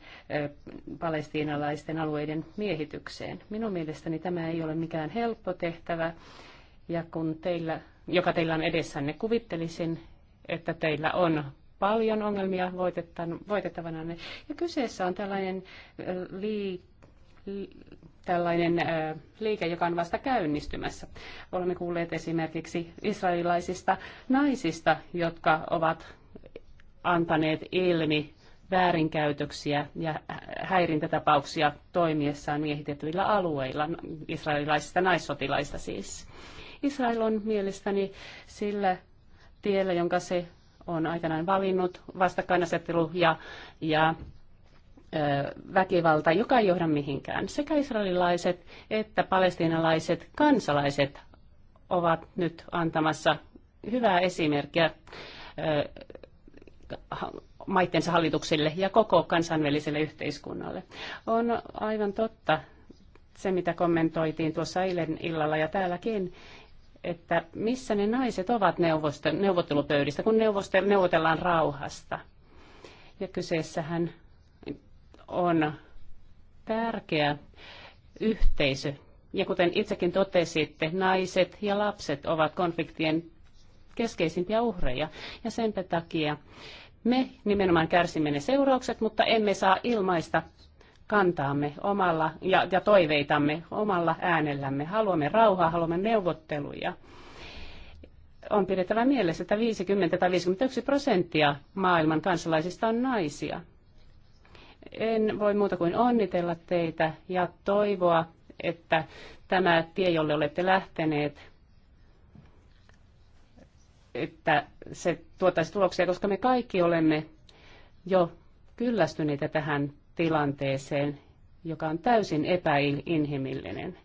palestiinalaisten alueiden miehitykseen. Minun mielestäni tämä ei ole mikään helppo tehtävä, ja kun teillä, joka teillä on edessänne, kuvittelisin, että teillä on paljon ongelmia voitettavana, Ja kyseessä on tällainen, li, li, tällainen ö, liike, joka on vasta käynnistymässä. Olemme kuulleet esimerkiksi israelilaisista naisista, jotka ovat antaneet ilmi väärinkäytöksiä ja häirintätapauksia toimiessaan miehitetyillä alueilla, israelilaisista naissotilaista siis. Israel on mielestäni sillä tiellä, jonka se on aikanaan valinnut vastakkainasettelu ja, ja väkivalta, joka ei johda mihinkään. Sekä israelilaiset että palestiinalaiset kansalaiset ovat nyt antamassa hyvää esimerkkiä maittensa hallituksille ja koko kansainväliselle yhteiskunnalle. On aivan totta se, mitä kommentoitiin tuossa eilen illalla ja täälläkin, että missä ne naiset ovat neuvosten, neuvottelupöydistä, kun neuvoste, neuvotellaan rauhasta. Ja kyseessähän on tärkeä yhteisö. Ja kuten itsekin totesitte, naiset ja lapset ovat konfliktien keskeisimpiä uhreja. Ja senpä takia me nimenomaan kärsimme ne seuraukset, mutta emme saa ilmaista kantaamme omalla ja, ja toiveitamme omalla äänellämme. Haluamme rauhaa, haluamme neuvotteluja. On pidettävä mielessä, että 50 tai 51 prosenttia maailman kansalaisista on naisia. En voi muuta kuin onnitella teitä ja toivoa, että tämä tie, jolle olette lähteneet, että se tuottaisi tuloksia, koska me kaikki olemme jo kyllästyneitä tähän tilanteeseen, joka on täysin epäinhimillinen.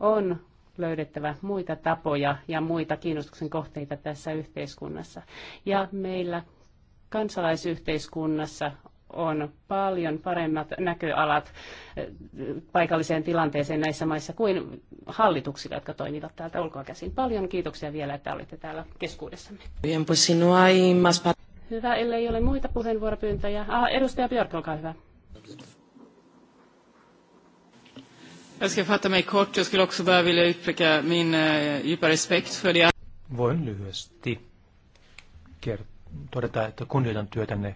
On löydettävä muita tapoja ja muita kiinnostuksen kohteita tässä yhteiskunnassa. Ja meillä kansalaisyhteiskunnassa on paljon paremmat näköalat eh, paikalliseen tilanteeseen näissä maissa kuin hallituksilla, jotka toimivat täältä ulkoa käsin. Paljon kiitoksia vielä, että olitte täällä keskuudessamme. No hyvä, ellei ole muita puheenvuoropyyntöjä. Ah, edustaja Björk, olkaa hyvä. Jag ska fatta mig kort. Jag skulle också bara vilja uttrycka min eh, djupa respekt för det. Voin lyhyesti todeta, että kunnioitan työtänne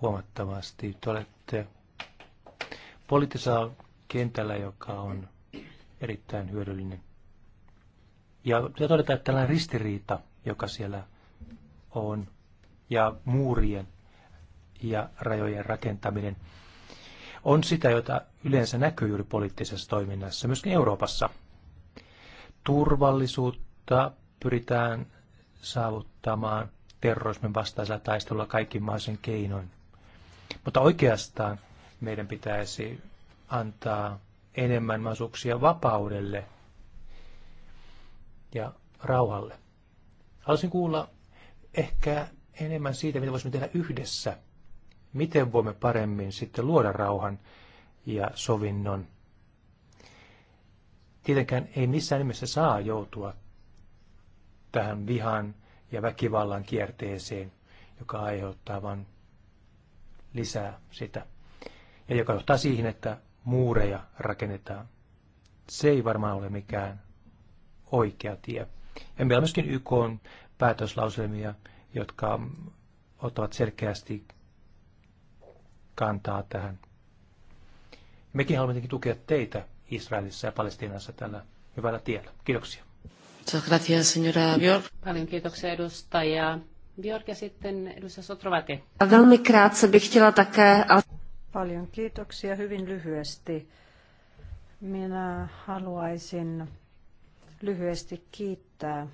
huomattavasti. Te olette poliittisella kentällä, joka on erittäin hyödyllinen. Ja te todeta, että tällainen ristiriita, joka siellä on, ja muurien ja rajojen rakentaminen, on sitä, jota yleensä näkyy juuri poliittisessa toiminnassa, myöskin Euroopassa. Turvallisuutta pyritään saavuttamaan terrorismin vastaisella taistelulla kaikin mahdollisen keinoin. Mutta oikeastaan meidän pitäisi antaa enemmän mahdollisuuksia vapaudelle ja rauhalle. Haluaisin kuulla ehkä enemmän siitä, mitä voisimme tehdä yhdessä – miten voimme paremmin sitten luoda rauhan ja sovinnon. Tietenkään ei missään nimessä saa joutua tähän vihan ja väkivallan kierteeseen, joka aiheuttaa vain lisää sitä. Ja joka johtaa siihen, että muureja rakennetaan. Se ei varmaan ole mikään oikea tie. Ja meillä on myöskin YK on päätöslauselmia, jotka ottavat selkeästi kantaa tähän. Mekin haluamme tukea teitä Israelissa ja Palestiinassa tällä hyvällä tiellä. Kiitoksia. Gracias, señora Björk. Paljon kiitoksia edustaja Björk ja sitten edustaja Sotrovate. Velmi krátce bych chtěla také... Paljon kiitoksia hyvin lyhyesti. Minä haluaisin lyhyesti kiittää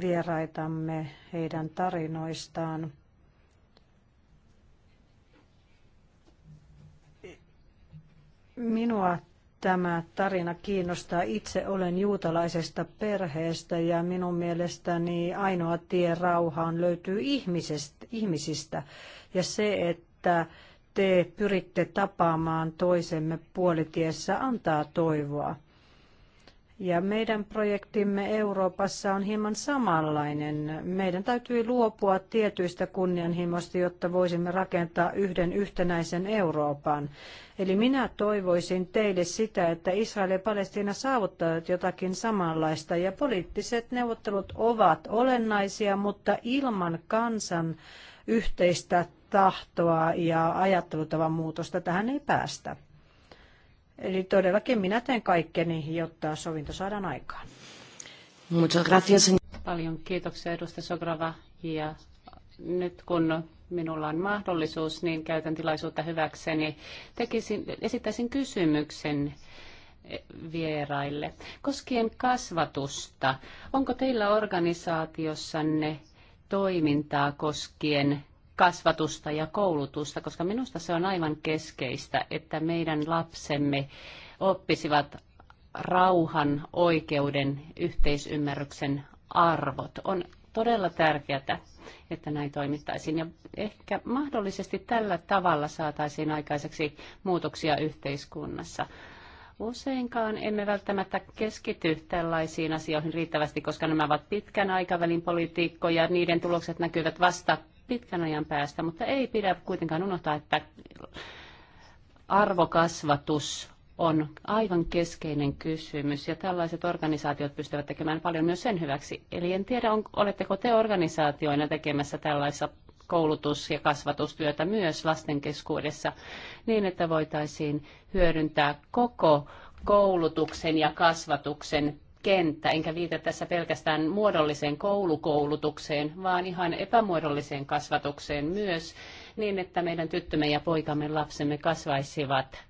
vieraitamme heidän tarinoistaan. Minua tämä tarina kiinnostaa. Itse olen juutalaisesta perheestä ja minun mielestäni ainoa tie rauhaan löytyy ihmisestä, ihmisistä. Ja se, että te pyritte tapaamaan toisemme puolitiessä, antaa toivoa. Ja meidän projektimme Euroopassa on hieman samanlainen. Meidän täytyy luopua tietyistä kunnianhimoista, jotta voisimme rakentaa yhden yhtenäisen Euroopan. Eli minä toivoisin teille sitä, että Israel ja Palestiina saavuttavat jotakin samanlaista. Ja poliittiset neuvottelut ovat olennaisia, mutta ilman kansan yhteistä tahtoa ja ajattelutavan muutosta tähän ei päästä. Eli todellakin minä teen kaikkeni, jotta sovinto saadaan aikaan. Muchas gracias. Paljon kiitoksia edustaja Sograva. Ja nyt kun minulla on mahdollisuus, niin käytän tilaisuutta hyväkseni. Tekisin, esittäisin kysymyksen vieraille. Koskien kasvatusta, onko teillä organisaatiossanne toimintaa koskien kasvatusta ja koulutusta, koska minusta se on aivan keskeistä, että meidän lapsemme oppisivat rauhan, oikeuden, yhteisymmärryksen arvot. On todella tärkeää, että näin toimittaisiin. Ja ehkä mahdollisesti tällä tavalla saataisiin aikaiseksi muutoksia yhteiskunnassa. Useinkaan emme välttämättä keskity tällaisiin asioihin riittävästi, koska nämä ovat pitkän aikavälin politiikkoja. Niiden tulokset näkyvät vasta pitkän ajan päästä, mutta ei pidä kuitenkaan unohtaa, että arvokasvatus on aivan keskeinen kysymys ja tällaiset organisaatiot pystyvät tekemään paljon myös sen hyväksi. Eli en tiedä, on, oletteko te organisaatioina tekemässä tällaista koulutus- ja kasvatustyötä myös lasten keskuudessa niin, että voitaisiin hyödyntää koko koulutuksen ja kasvatuksen kenttä, enkä viitä tässä pelkästään muodolliseen koulukoulutukseen, vaan ihan epämuodolliseen kasvatukseen myös, niin että meidän tyttömme ja poikamme lapsemme kasvaisivat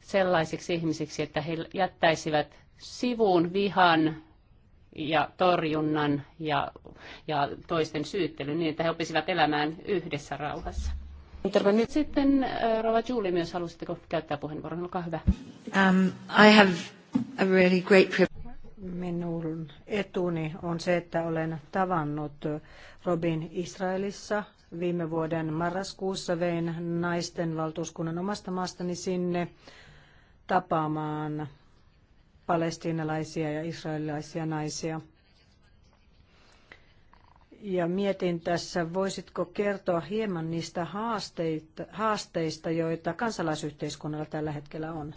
sellaisiksi ihmisiksi, että he jättäisivät sivuun vihan ja torjunnan ja, ja toisten syyttelyn niin, että he oppisivat elämään yhdessä rauhassa. Sitten äh, Rova Julie myös halusitteko käyttää puheenvuoron, olkaa hyvä. Um, I have a really great privilege minun etuni on se, että olen tavannut Robin Israelissa viime vuoden marraskuussa. Vein naisten valtuuskunnan omasta maastani sinne tapaamaan palestiinalaisia ja israelilaisia naisia. Ja mietin tässä, voisitko kertoa hieman niistä haasteista, haasteista joita kansalaisyhteiskunnalla tällä hetkellä on?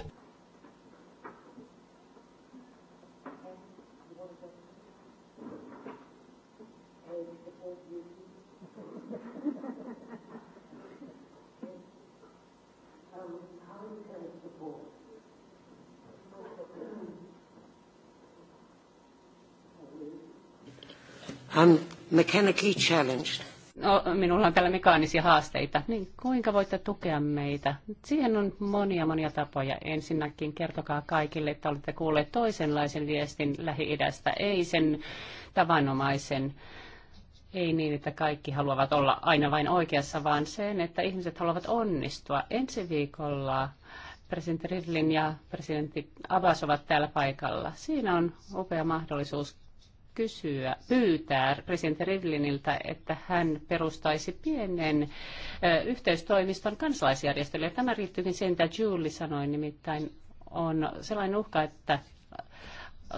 I'm mechanically challenged. No, minulla on täällä mekaanisia haasteita. Niin, kuinka voitte tukea meitä? Siihen on monia monia tapoja. Ensinnäkin kertokaa kaikille, että olette kuulleet toisenlaisen viestin Lähi-idästä, ei sen tavanomaisen. Ei niin, että kaikki haluavat olla aina vain oikeassa, vaan sen, että ihmiset haluavat onnistua. Ensi viikolla presidentti Ridlin ja presidentti Abbas ovat täällä paikalla. Siinä on upea mahdollisuus kysyä, pyytää presidentti Rivliniltä, että hän perustaisi pienen yhteistoimiston kansalaisjärjestölle. Ja tämä riittyykin siihen, mitä Julie sanoi, nimittäin on sellainen uhka, että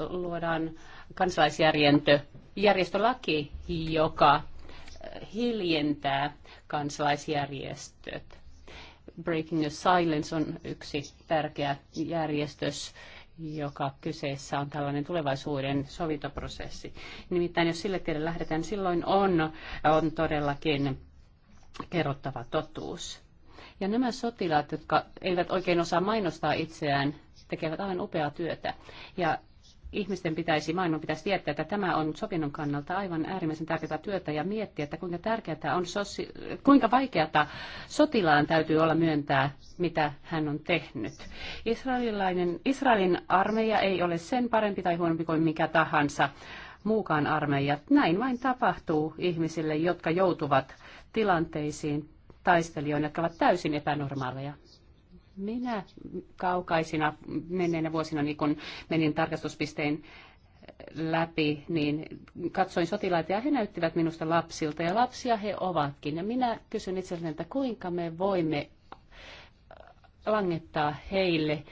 luodaan kansalaisjärjestö, järjestölaki, joka hiljentää kansalaisjärjestöt. Breaking the Silence on yksi tärkeä järjestös, joka kyseessä on tällainen tulevaisuuden sovintoprosessi. Nimittäin jos sille tiedä lähdetään, niin silloin on, on todellakin kerrottava totuus. Ja nämä sotilaat, jotka eivät oikein osaa mainostaa itseään, tekevät aivan upeaa työtä. Ja ihmisten pitäisi, maailman pitäisi tietää, että tämä on sopinnon kannalta aivan äärimmäisen tärkeää työtä ja miettiä, että kuinka tärkeää on, sosi- kuinka vaikeata sotilaan täytyy olla myöntää, mitä hän on tehnyt. Israelilainen, Israelin armeija ei ole sen parempi tai huonompi kuin mikä tahansa muukaan armeija. Näin vain tapahtuu ihmisille, jotka joutuvat tilanteisiin taistelijoina, jotka ovat täysin epänormaaleja. Minä kaukaisina menneinä vuosina, niin kun menin tarkastuspisteen läpi, niin katsoin sotilaita ja he näyttivät minusta lapsilta ja lapsia he ovatkin. Ja minä kysyn itselleni, että kuinka me voimme langettaa heille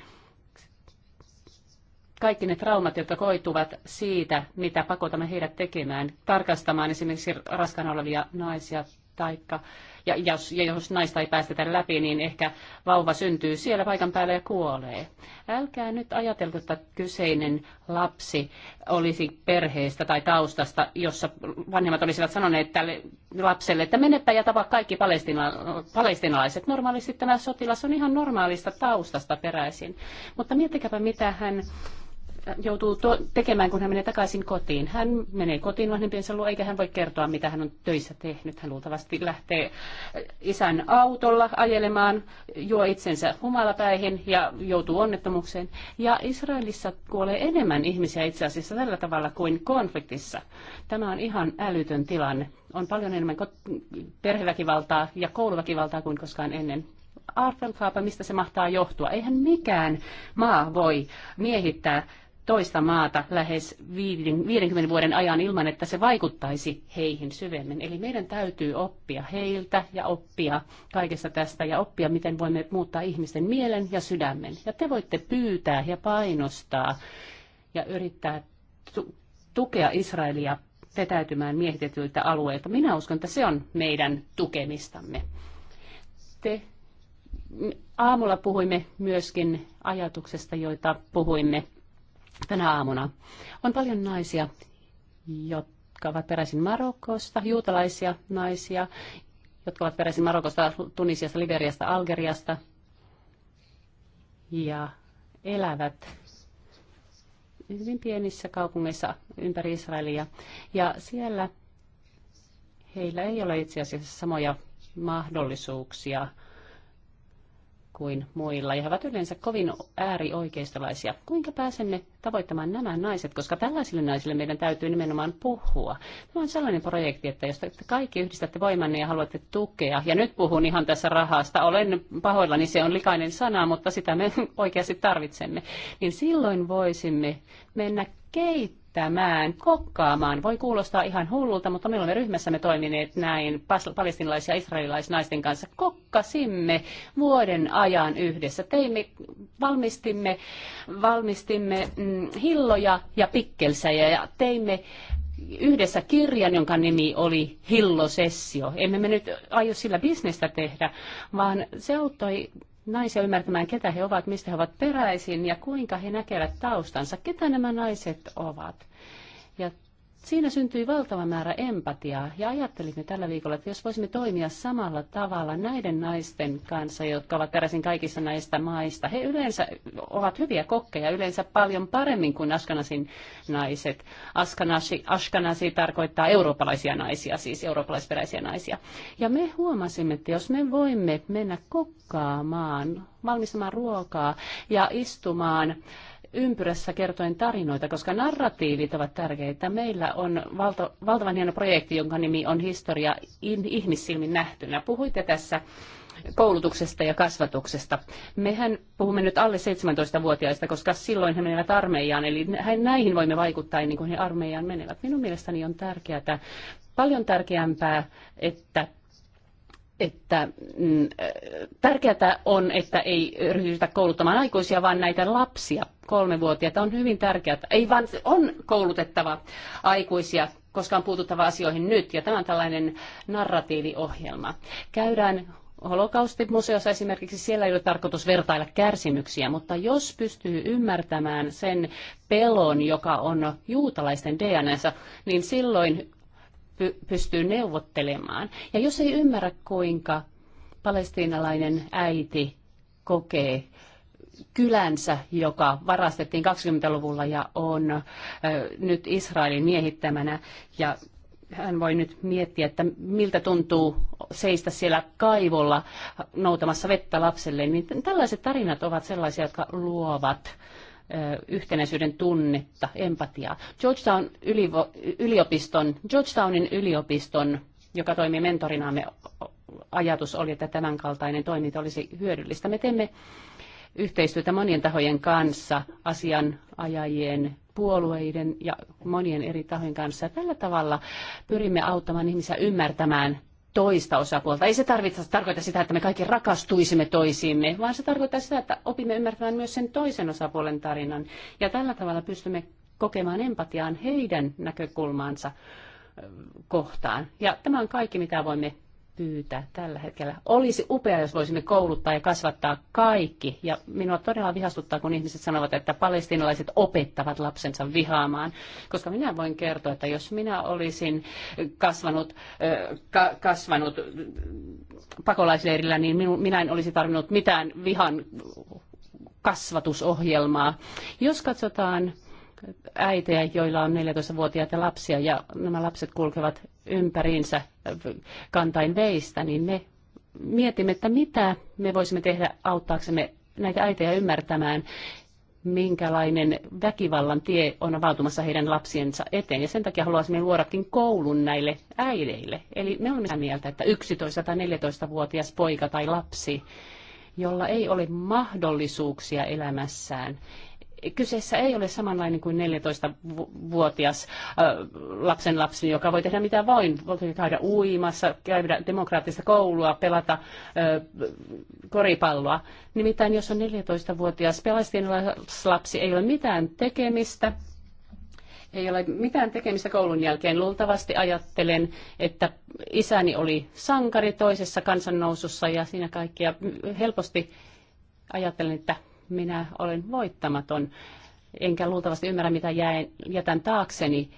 kaikki ne traumat, jotka koituvat siitä, mitä pakotamme heidät tekemään, tarkastamaan esimerkiksi raskaana olevia naisia taikka ja jos, ja jos naista ei päästetä läpi, niin ehkä vauva syntyy siellä paikan päällä ja kuolee. Älkää nyt ajatelko, että kyseinen lapsi olisi perheestä tai taustasta, jossa vanhemmat olisivat sanoneet tälle lapselle, että menepä ja tapa kaikki palestina, palestinalaiset. Normaalisti tämä sotilas on ihan normaalista taustasta peräisin. Mutta miettikääpä, mitä hän joutuu tekemään, kun hän menee takaisin kotiin. Hän menee kotiin vanhempiensa luo, eikä hän voi kertoa, mitä hän on töissä tehnyt. Hän luultavasti lähtee äh, isän autolla ajelemaan, juo itsensä humalapäihin ja joutuu onnettomuukseen. Ja Israelissa kuolee enemmän ihmisiä itse asiassa tällä tavalla kuin konfliktissa. Tämä on ihan älytön tilanne. On paljon enemmän perheväkivaltaa ja kouluväkivaltaa kuin koskaan ennen Arvelkaapa, mistä se mahtaa johtua. Eihän mikään maa voi miehittää toista maata lähes 50 vuoden ajan ilman, että se vaikuttaisi heihin syvemmin. Eli meidän täytyy oppia heiltä ja oppia kaikesta tästä ja oppia, miten voimme muuttaa ihmisten mielen ja sydämen. Ja te voitte pyytää ja painostaa ja yrittää tu- tukea Israelia vetäytymään miehitetyiltä alueilta. Minä uskon, että se on meidän tukemistamme. Te aamulla puhuimme myöskin ajatuksesta, joita puhuimme tänä aamuna. On paljon naisia, jotka ovat peräisin Marokosta, juutalaisia naisia, jotka ovat peräisin Marokosta, Tunisiasta, Liberiasta, Algeriasta ja elävät hyvin pienissä kaupungeissa ympäri Israelia. Ja siellä heillä ei ole itse asiassa samoja mahdollisuuksia kuin muilla, ja he ovat yleensä kovin äärioikeistolaisia. Kuinka pääsemme tavoittamaan nämä naiset, koska tällaisille naisille meidän täytyy nimenomaan puhua. Tämä on sellainen projekti, että jos te kaikki yhdistätte voimanne ja haluatte tukea, ja nyt puhun ihan tässä rahasta, olen pahoillani, se on likainen sana, mutta sitä me [laughs] oikeasti tarvitsemme, niin silloin voisimme mennä keittiöön tämän kokkaamaan. Voi kuulostaa ihan hullulta, mutta me olemme ryhmässämme toimineet näin palestinalaisia ja israelilaisnaisten kanssa. Kokkasimme vuoden ajan yhdessä. Teimme, valmistimme, valmistimme mm, hilloja ja pikkelsäjä ja teimme yhdessä kirjan, jonka nimi oli Hillosessio. Emme me nyt aio sillä bisnestä tehdä, vaan se auttoi naisia ymmärtämään, ketä he ovat, mistä he ovat peräisin ja kuinka he näkevät taustansa, ketä nämä naiset ovat. Ja Siinä syntyi valtava määrä empatiaa ja ajattelimme tällä viikolla, että jos voisimme toimia samalla tavalla näiden naisten kanssa, jotka ovat peräisin kaikissa näistä maista. He yleensä ovat hyviä kokkeja, yleensä paljon paremmin kuin Askanasin naiset. Askanasi, Askanasi tarkoittaa eurooppalaisia naisia, siis eurooppalaisperäisiä naisia. Ja me huomasimme, että jos me voimme mennä kokkaamaan, valmistamaan ruokaa ja istumaan ympyrässä kertoen tarinoita, koska narratiivit ovat tärkeitä. Meillä on valto, valtavan hieno projekti, jonka nimi on Historia ihmissilmin nähtynä. Puhuitte tässä koulutuksesta ja kasvatuksesta. Mehän puhumme nyt alle 17-vuotiaista, koska silloin he menevät armeijaan, eli näihin voimme vaikuttaa ennen kuin he armeijaan menevät. Minun mielestäni on tärkeää, paljon tärkeämpää, että että mm, tärkeää on, että ei ryhdytä kouluttamaan aikuisia, vaan näitä lapsia, kolmevuotiaita, on hyvin tärkeää. Ei vaan on koulutettava aikuisia, koska on puututtava asioihin nyt, ja tämä on tällainen narratiiviohjelma. Käydään holokaustimuseossa esimerkiksi siellä ei ole tarkoitus vertailla kärsimyksiä, mutta jos pystyy ymmärtämään sen pelon, joka on juutalaisten DNAssa, niin silloin pystyy neuvottelemaan. Ja jos ei ymmärrä, kuinka palestiinalainen äiti kokee kylänsä, joka varastettiin 20-luvulla ja on ö, nyt Israelin miehittämänä. Ja hän voi nyt miettiä, että miltä tuntuu seistä siellä kaivolla noutamassa vettä lapselle. Niin tällaiset tarinat ovat sellaisia, jotka luovat yhtenäisyyden tunnetta, empatiaa. Georgetown ylivo, yliopiston, Georgetownin yliopiston, joka toimii mentorinaamme, ajatus oli, että tämänkaltainen toiminta olisi hyödyllistä. Me teemme yhteistyötä monien tahojen kanssa, asianajajien, puolueiden ja monien eri tahojen kanssa. Tällä tavalla pyrimme auttamaan ihmisiä ymmärtämään toista osapuolta. Ei se tarvitse, tarkoita sitä, että me kaikki rakastuisimme toisiimme, vaan se tarkoittaa sitä, että opimme ymmärtämään myös sen toisen osapuolen tarinan. Ja tällä tavalla pystymme kokemaan empatiaan heidän näkökulmaansa kohtaan. Ja tämä on kaikki, mitä voimme pyytää tällä hetkellä. Olisi upea, jos voisimme kouluttaa ja kasvattaa kaikki. Ja minua todella vihastuttaa, kun ihmiset sanovat, että palestinalaiset opettavat lapsensa vihaamaan. Koska minä voin kertoa, että jos minä olisin kasvanut, ka- kasvanut pakolaisleirillä, niin minä en olisi tarvinnut mitään vihan kasvatusohjelmaa. Jos katsotaan äitejä, joilla on 14-vuotiaita lapsia ja nämä lapset kulkevat ympäriinsä kantain veistä, niin me mietimme, että mitä me voisimme tehdä auttaaksemme näitä äitejä ymmärtämään, minkälainen väkivallan tie on avautumassa heidän lapsiensa eteen. Ja sen takia haluaisimme luodakin koulun näille äideille. Eli me olemme sitä mieltä, että 11- tai 14-vuotias poika tai lapsi, jolla ei ole mahdollisuuksia elämässään, kyseessä ei ole samanlainen kuin 14-vuotias äh, lapsen lapsi, joka voi tehdä mitä vain. Voi käydä uimassa, käydä demokraattista koulua, pelata äh, koripalloa. Nimittäin jos on 14-vuotias lapsi, ei ole mitään tekemistä ei ole mitään tekemistä koulun jälkeen. Luultavasti ajattelen, että isäni oli sankari toisessa kansannousussa ja siinä kaikkia helposti ajattelen, että minä olen voittamaton, enkä luultavasti ymmärrä, mitä jäin, jätän taakseni,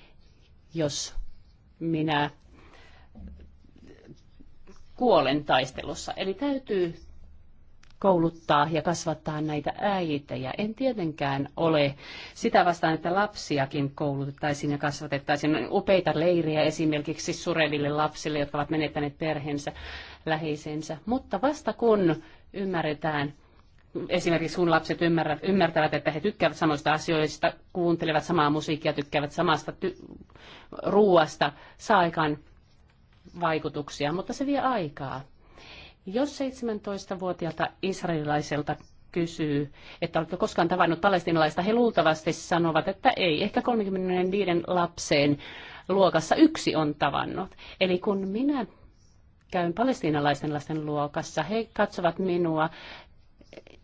jos minä kuolen taistelussa. Eli täytyy kouluttaa ja kasvattaa näitä äitejä. En tietenkään ole sitä vastaan, että lapsiakin koulutettaisiin ja kasvatettaisiin. On upeita leirejä esimerkiksi sureville lapsille, jotka ovat menettäneet perheensä, läheisensä. Mutta vasta kun ymmärretään, esimerkiksi sun lapset ymmärrät, ymmärtävät, että he tykkäävät samoista asioista, kuuntelevat samaa musiikkia, tykkäävät samasta ty- ruuasta, saa aikaan vaikutuksia, mutta se vie aikaa. Jos 17-vuotiaalta israelilaiselta kysyy, että oletko koskaan tavannut palestinalaista, he luultavasti sanovat, että ei. Ehkä 35 lapseen luokassa yksi on tavannut. Eli kun minä käyn palestiinalaisten lasten luokassa, he katsovat minua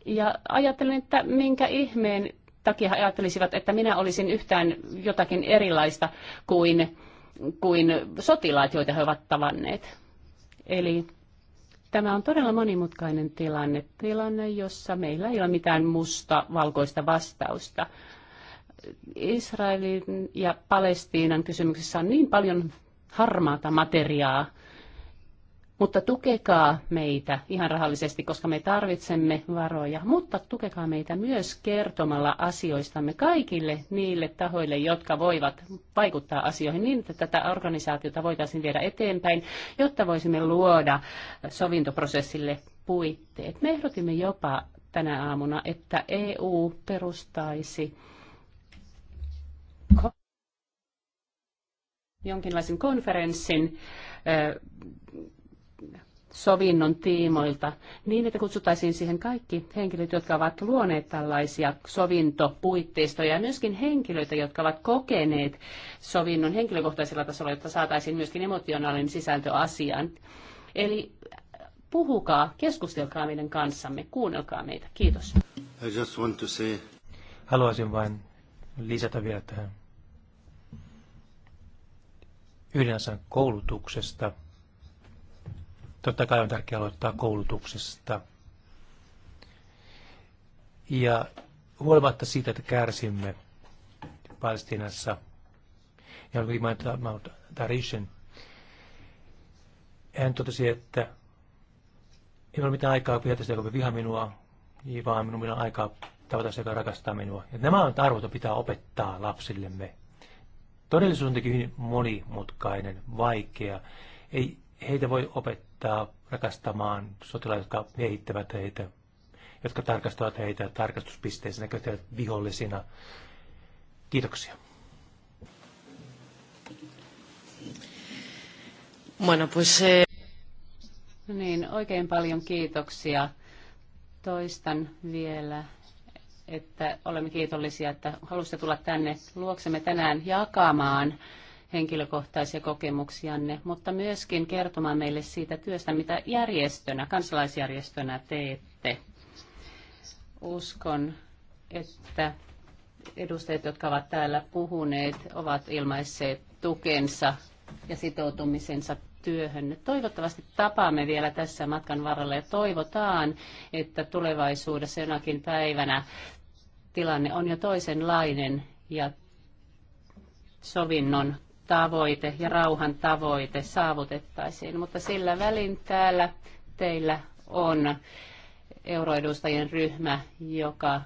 ja ajattelin, että minkä ihmeen takia ajattelisivat, että minä olisin yhtään jotakin erilaista kuin, kuin sotilaat, joita he ovat tavanneet. Eli tämä on todella monimutkainen tilanne, tilanne, jossa meillä ei ole mitään musta-valkoista vastausta. Israelin ja Palestiinan kysymyksessä on niin paljon harmaata materiaa, mutta tukekaa meitä ihan rahallisesti, koska me tarvitsemme varoja, mutta tukekaa meitä myös kertomalla asioistamme kaikille niille tahoille, jotka voivat vaikuttaa asioihin niin, että tätä organisaatiota voitaisiin viedä eteenpäin, jotta voisimme luoda sovintoprosessille puitteet. Me ehdotimme jopa tänä aamuna, että EU perustaisi jonkinlaisen konferenssin sovinnon tiimoilta niin, että kutsutaisiin siihen kaikki henkilöt, jotka ovat luoneet tällaisia sovintopuitteistoja ja myöskin henkilöitä, jotka ovat kokeneet sovinnon henkilökohtaisella tasolla, jotta saataisiin myöskin emotionaalinen sisältö asiaan. Eli puhukaa, keskustelkaa meidän kanssamme, kuunnelkaa meitä. Kiitos. Haluaisin vain lisätä vielä tähän yhden koulutuksesta – Totta kai on tärkeää aloittaa koulutuksesta. Ja huolimatta siitä, että kärsimme Palestinassa ja Mount Darishin, hän totesi, että ei ole mitään aikaa pitää sitä, kun viha minua, vaan minun on aikaa tavata sitä, joka rakastaa minua. Ja nämä on arvot, pitää opettaa lapsillemme. Todellisuus on tietenkin hyvin monimutkainen, vaikea. Ei heitä voi opettaa opettaa rakastamaan sotilaita, jotka miehittävät heitä, jotka tarkastavat heitä tarkastuspisteissä, näkevät vihollisina. Kiitoksia. Bueno, pues, eh... No niin, oikein paljon kiitoksia. Toistan vielä, että olemme kiitollisia, että halusitte tulla tänne luoksemme tänään jakamaan henkilökohtaisia kokemuksianne, mutta myöskin kertomaan meille siitä työstä, mitä järjestönä, kansalaisjärjestönä teette. Uskon, että edustajat, jotka ovat täällä puhuneet, ovat ilmaisseet tukensa ja sitoutumisensa työhön. Toivottavasti tapaamme vielä tässä matkan varrella ja toivotaan, että tulevaisuudessa jonakin päivänä tilanne on jo toisenlainen ja sovinnon tavoite ja rauhan tavoite saavutettaisiin. Mutta sillä välin täällä teillä on euroedustajien ryhmä, joka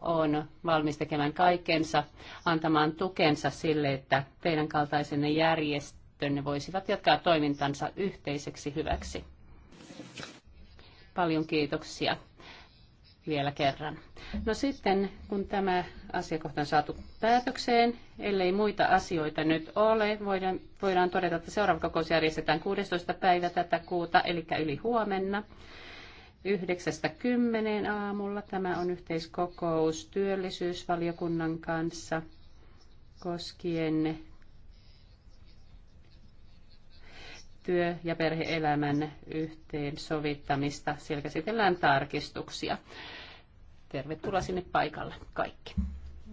on valmis tekemään kaikensa, antamaan tukensa sille, että teidän kaltaisenne järjestönne voisivat jatkaa toimintansa yhteiseksi hyväksi. Paljon kiitoksia vielä kerran. No sitten, kun tämä asiakohta on saatu päätökseen, ellei muita asioita nyt ole, voidaan, voidaan todeta, että seuraava kokous järjestetään 16. päivä tätä kuuta, eli yli huomenna. 9.10 aamulla tämä on yhteiskokous työllisyysvaliokunnan kanssa koskien työ- ja perheelämän yhteensovittamista. Siellä käsitellään tarkistuksia. Tervetuloa sinne paikalle kaikki.